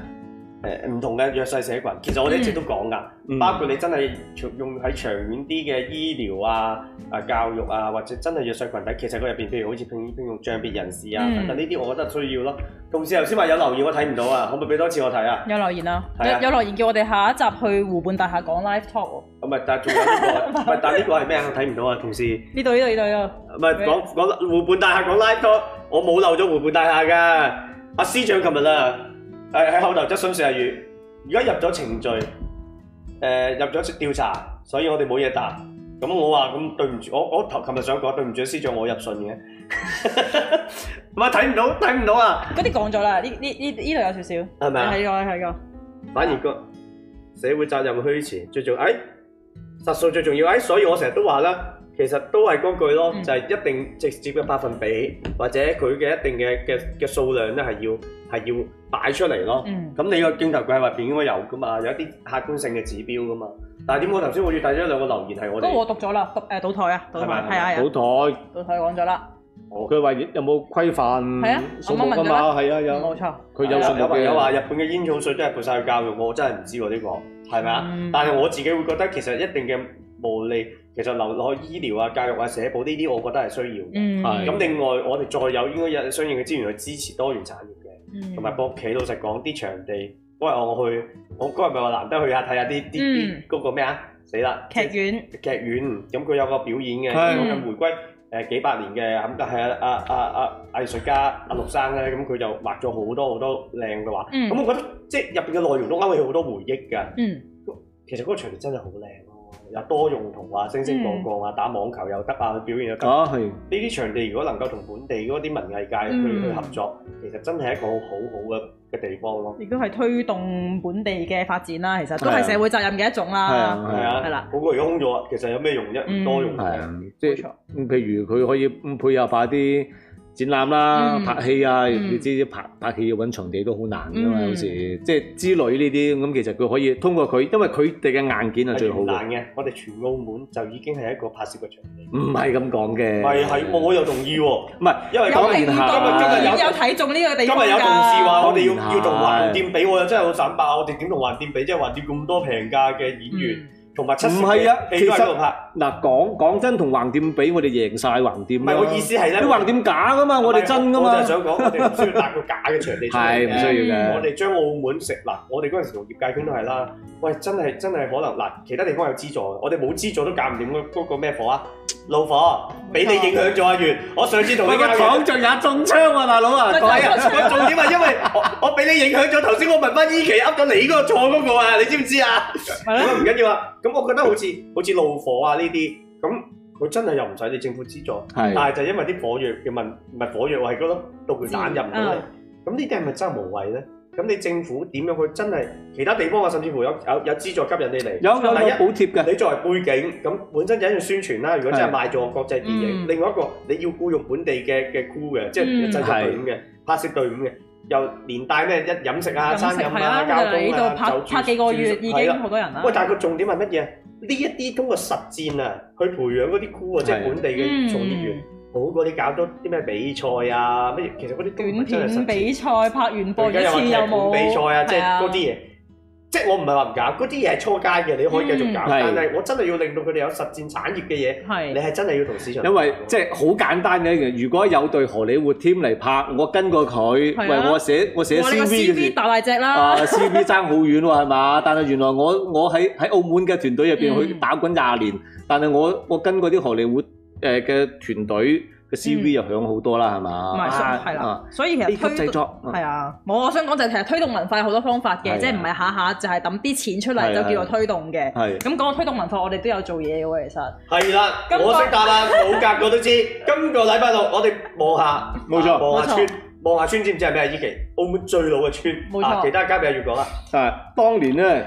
誒唔、呃、同嘅弱勢社群，其實我哋一直都講噶，嗯、包括你真係用喺長遠啲嘅醫療啊、啊教育啊，或者真係弱勢群體，其實佢入邊譬如好似聘聘用障別人士啊，等等呢啲我覺得需要咯。同事頭先話有留言我睇唔到啊，可唔可以俾多次我睇啊？有留言啊，啊有，有留言叫我哋下一集去湖畔大廈講 live talk 唔、啊、係、啊，但係仲有呢個，唔 [LAUGHS] 但係呢個係咩啊？睇唔到啊，同事。呢度呢度呢度。唔係講講湖畔大廈講 live talk，我冇漏咗湖畔大廈㗎。阿、啊、司長，琴日啊。誒喺、哎、後頭質詢四啊月，而家入咗程序，誒、呃、入咗調查，所以我哋冇嘢答。咁我話咁對唔住，我我琴日想講對唔住，司長我入信嘅，唔係睇唔到睇唔到啊！嗰啲講咗啦，呢呢呢度有少少係咪啊？係啊係啊，反而個社會責任虛詞最重要，誒、哎、實數最重要，誒、哎、所以我成日都話啦。其實都係嗰句咯，就係一定直接嘅百分比，或者佢嘅一定嘅嘅嘅數量咧，係要係要擺出嚟咯。咁你個鏡頭櫃外邊應該有噶嘛？有一啲客觀性嘅指標噶嘛？但係點解頭先我見帶咗兩個留言係我哋？咁我讀咗啦，讀誒倒台啊，係咪？係啊，倒台，倒台講咗啦。佢話有冇規範？係啊，數目噶嘛？係啊，有冇錯？佢有數目嘅。有朋友話日本嘅煙草稅都係負曬教育，我真係唔知喎呢個係咪啊？但係我自己會覺得其實一定嘅無利。其實留落去醫療啊、教育啊、社保呢啲，我覺得係需要嘅。係咁、嗯，另外我哋再有應該有相應嘅資源去支持多元產業嘅，同埋博企老實講，啲場地嗰日我去，我嗰日咪話難得去下睇下啲啲嗰個咩啊？死啦！劇院劇院，咁佢院有個表演嘅，講緊是回歸誒、呃、幾百年嘅咁，但係啊啊啊啊藝術家阿、啊嗯、陸生咧，咁佢就畫咗好，好多好多靚嘅畫，咁、嗯、我覺得即係入邊嘅內容都勾起好多回憶㗎。嗯，其實嗰個場地真係好靚。有多用途啊，升升降降啊，打網球又得啊，表現又得。啊。呢啲場地如果能夠同本地嗰啲文藝界去、嗯、去合作，其實真係一個好好好嘅嘅地方咯。亦都係推動本地嘅發展啦，其實都係社會責任嘅一種啦。係啊，係啦、啊。好過而家空咗，其實有咩用一唔多用嘅？即係譬如佢可以配合翻啲，展覽啦、拍戲啊，你知拍拍戲要揾場地都好難噶嘛，有時即係之類呢啲咁，其實佢可以通過佢，因為佢哋嘅硬件係最好嘅。嘅，我哋全澳門就已經係一個拍攝嘅場地。唔係咁講嘅。咪係，我又同意喎。唔係，因為今日有睇中呢個地方。今日有同事話我哋要要同橫店比，我真係好慘爆。我哋點同橫店比？即係橫店咁多平價嘅演員。唔係啊，其實嗱，講講真，同橫店比我哋贏曬橫店啦。唔係，我意思係啦，你橫店假㗎嘛，是我哋真㗎嘛我。我就係想講，我哋唔需要搭個假嘅場地出嚟嘅。 [LAUGHS] 我哋將澳門食嗱，我哋嗰陣時同業界圈都係啦。喂，真係真係可能嗱，其他地方有資助，我哋冇資助都搞唔掂嗰，嗰個咩貨啊？怒火俾你影響咗 [LAUGHS] 阿月，我上次同你交流，躺着也中槍啊嘛，大佬啊！我 [LAUGHS] 我重點係因為我俾 [LAUGHS] 你影響咗，頭先我問翻依期噏咗你嗰個錯嗰、嗰個啊，你知唔知啊？呢 [LAUGHS] 我係啦，唔緊要啦，咁我覺得好似好似怒火啊呢啲，咁佢真係又唔使你政府資助，係是，但係就因為啲火藥嘅問，唔係火藥係嗰咯，到佢彈入咗嚟，咁呢啲係咪真係無謂咧？咁你政府點樣去？真係其他地方啊？甚至乎有有有資助吸引你嚟，有有一補貼嘅。你作為背景，咁本身就一樣宣傳啦。如果真係賣座國際電影，另外一個你要僱用本地嘅嘅 crew 嘅，即係製作隊伍嘅拍攝隊伍嘅，又連帶咩一飲食啊、餐飲啊、交通啊、住宿拍幾個月，係啦。喂，但係個重點係乜嘢？呢一啲通過實戰啊，去培養嗰啲 crew 啊，即係本地嘅從業員。好，嗰啲搞多啲咩比賽啊？咩其實嗰啲短片比賽拍完播完有冇？比賽啊，即係嗰啲嘢，是啊、即係我唔係話唔搞，嗰啲嘢係初階嘅，你可以繼續搞。嗯、但係我真係要令到佢哋有實戰產業嘅嘢，係、嗯、你係真係要同市場、啊。因為即係好簡單嘅一樣，如果有隊荷里活 team 嚟拍，我跟過佢，啊、喂我寫我寫 C V 嘅、哦、大大隻啦，C V 爭好遠喎係嘛？但係原來我我喺喺澳門嘅團隊入邊去打滾廿年，嗯、但係我我跟過啲荷里活。誒嘅團隊嘅 CV 又響好多啦，係嘛？唔係，係啦，所以其實推製作係啊，冇我想講就係其實推動文化有好多方法嘅，即係唔係下下就係抌啲錢出嚟就叫做推動嘅。係咁講，個推動文化我哋都有做嘢嘅喎，其實係啦，我識答啦，老格我都知。今個禮拜六我哋望下冇錯，望下村，望下村知唔知係咩？依期澳門最老嘅村，冇錯，其他交俾阿月講啦。係，當年咧。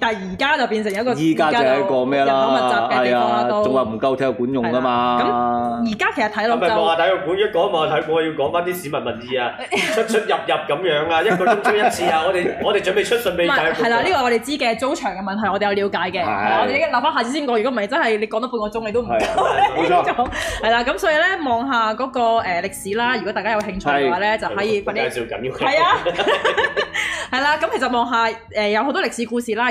但而家就變成一個，而家就係一個咩啦？係啊，仲話唔夠體育館用啊嘛！咁而家其實睇落就望下體育館，一講我睇，我要講翻啲市民民意啊，出出入入咁樣啊，一個鐘鍾一次啊！我哋我哋準備出信俾體育館。係啦，呢個我哋知嘅，租場嘅問題我哋有了解嘅。我哋留翻下次先講，如果唔係真係你講多半個鐘你都唔夠呢，係啦，咁所以咧望下嗰個誒歷史啦，如果大家有興趣嘅話咧，就可以快啲。介紹緊要嘅。係啊，係啦，咁其實望下誒有好多歷史故事啦。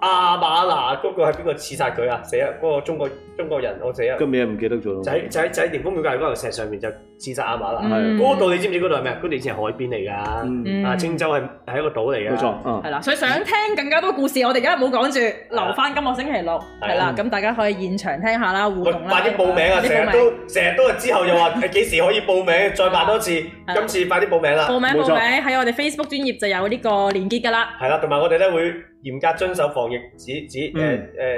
阿馬拿嗰個係邊個刺殺佢啊？死啊！嗰個中國中國人，我死啊！個名唔記得咗。就喺就喺就喺蓮峰廟隔籬嗰個石上面就刺殺阿馬拿。係嗰度，你知唔知嗰度係咩啊？嗰度以前係海邊嚟㗎。啊，青洲係係一個島嚟嘅。冇錯。嗯。係啦，所以想聽更加多故事，我哋而家冇講住，留翻今個星期六，係啦，咁大家可以現場聽下啦，互動啦。快啲報名啊！成日都成日都話之後又話幾時可以報名，再辦多次。今次快啲報名啦！報名報名喺我哋 Facebook 專頁就有呢個連結㗎啦。係啦，同埋我哋咧會嚴格遵守防疫指指誒誒、呃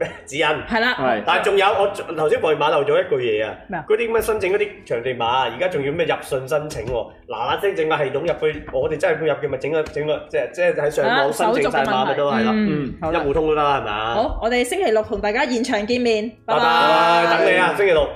嗯、指引，係啦。但係仲有我頭先為碼漏咗一句嘢啊！嗰啲咁嘅申請嗰啲場地碼，而家仲要咩入信申請喎？嗱嗱聲整個系統入去，我哋真係要入嘅咪整個整個,整個,整個即係即係喺上網申請晒碼咪都係啦，嗯、一戶通都得係咪？好，我哋星期六同大家現場見面，拜拜，拜拜哦、等你啊，星期六。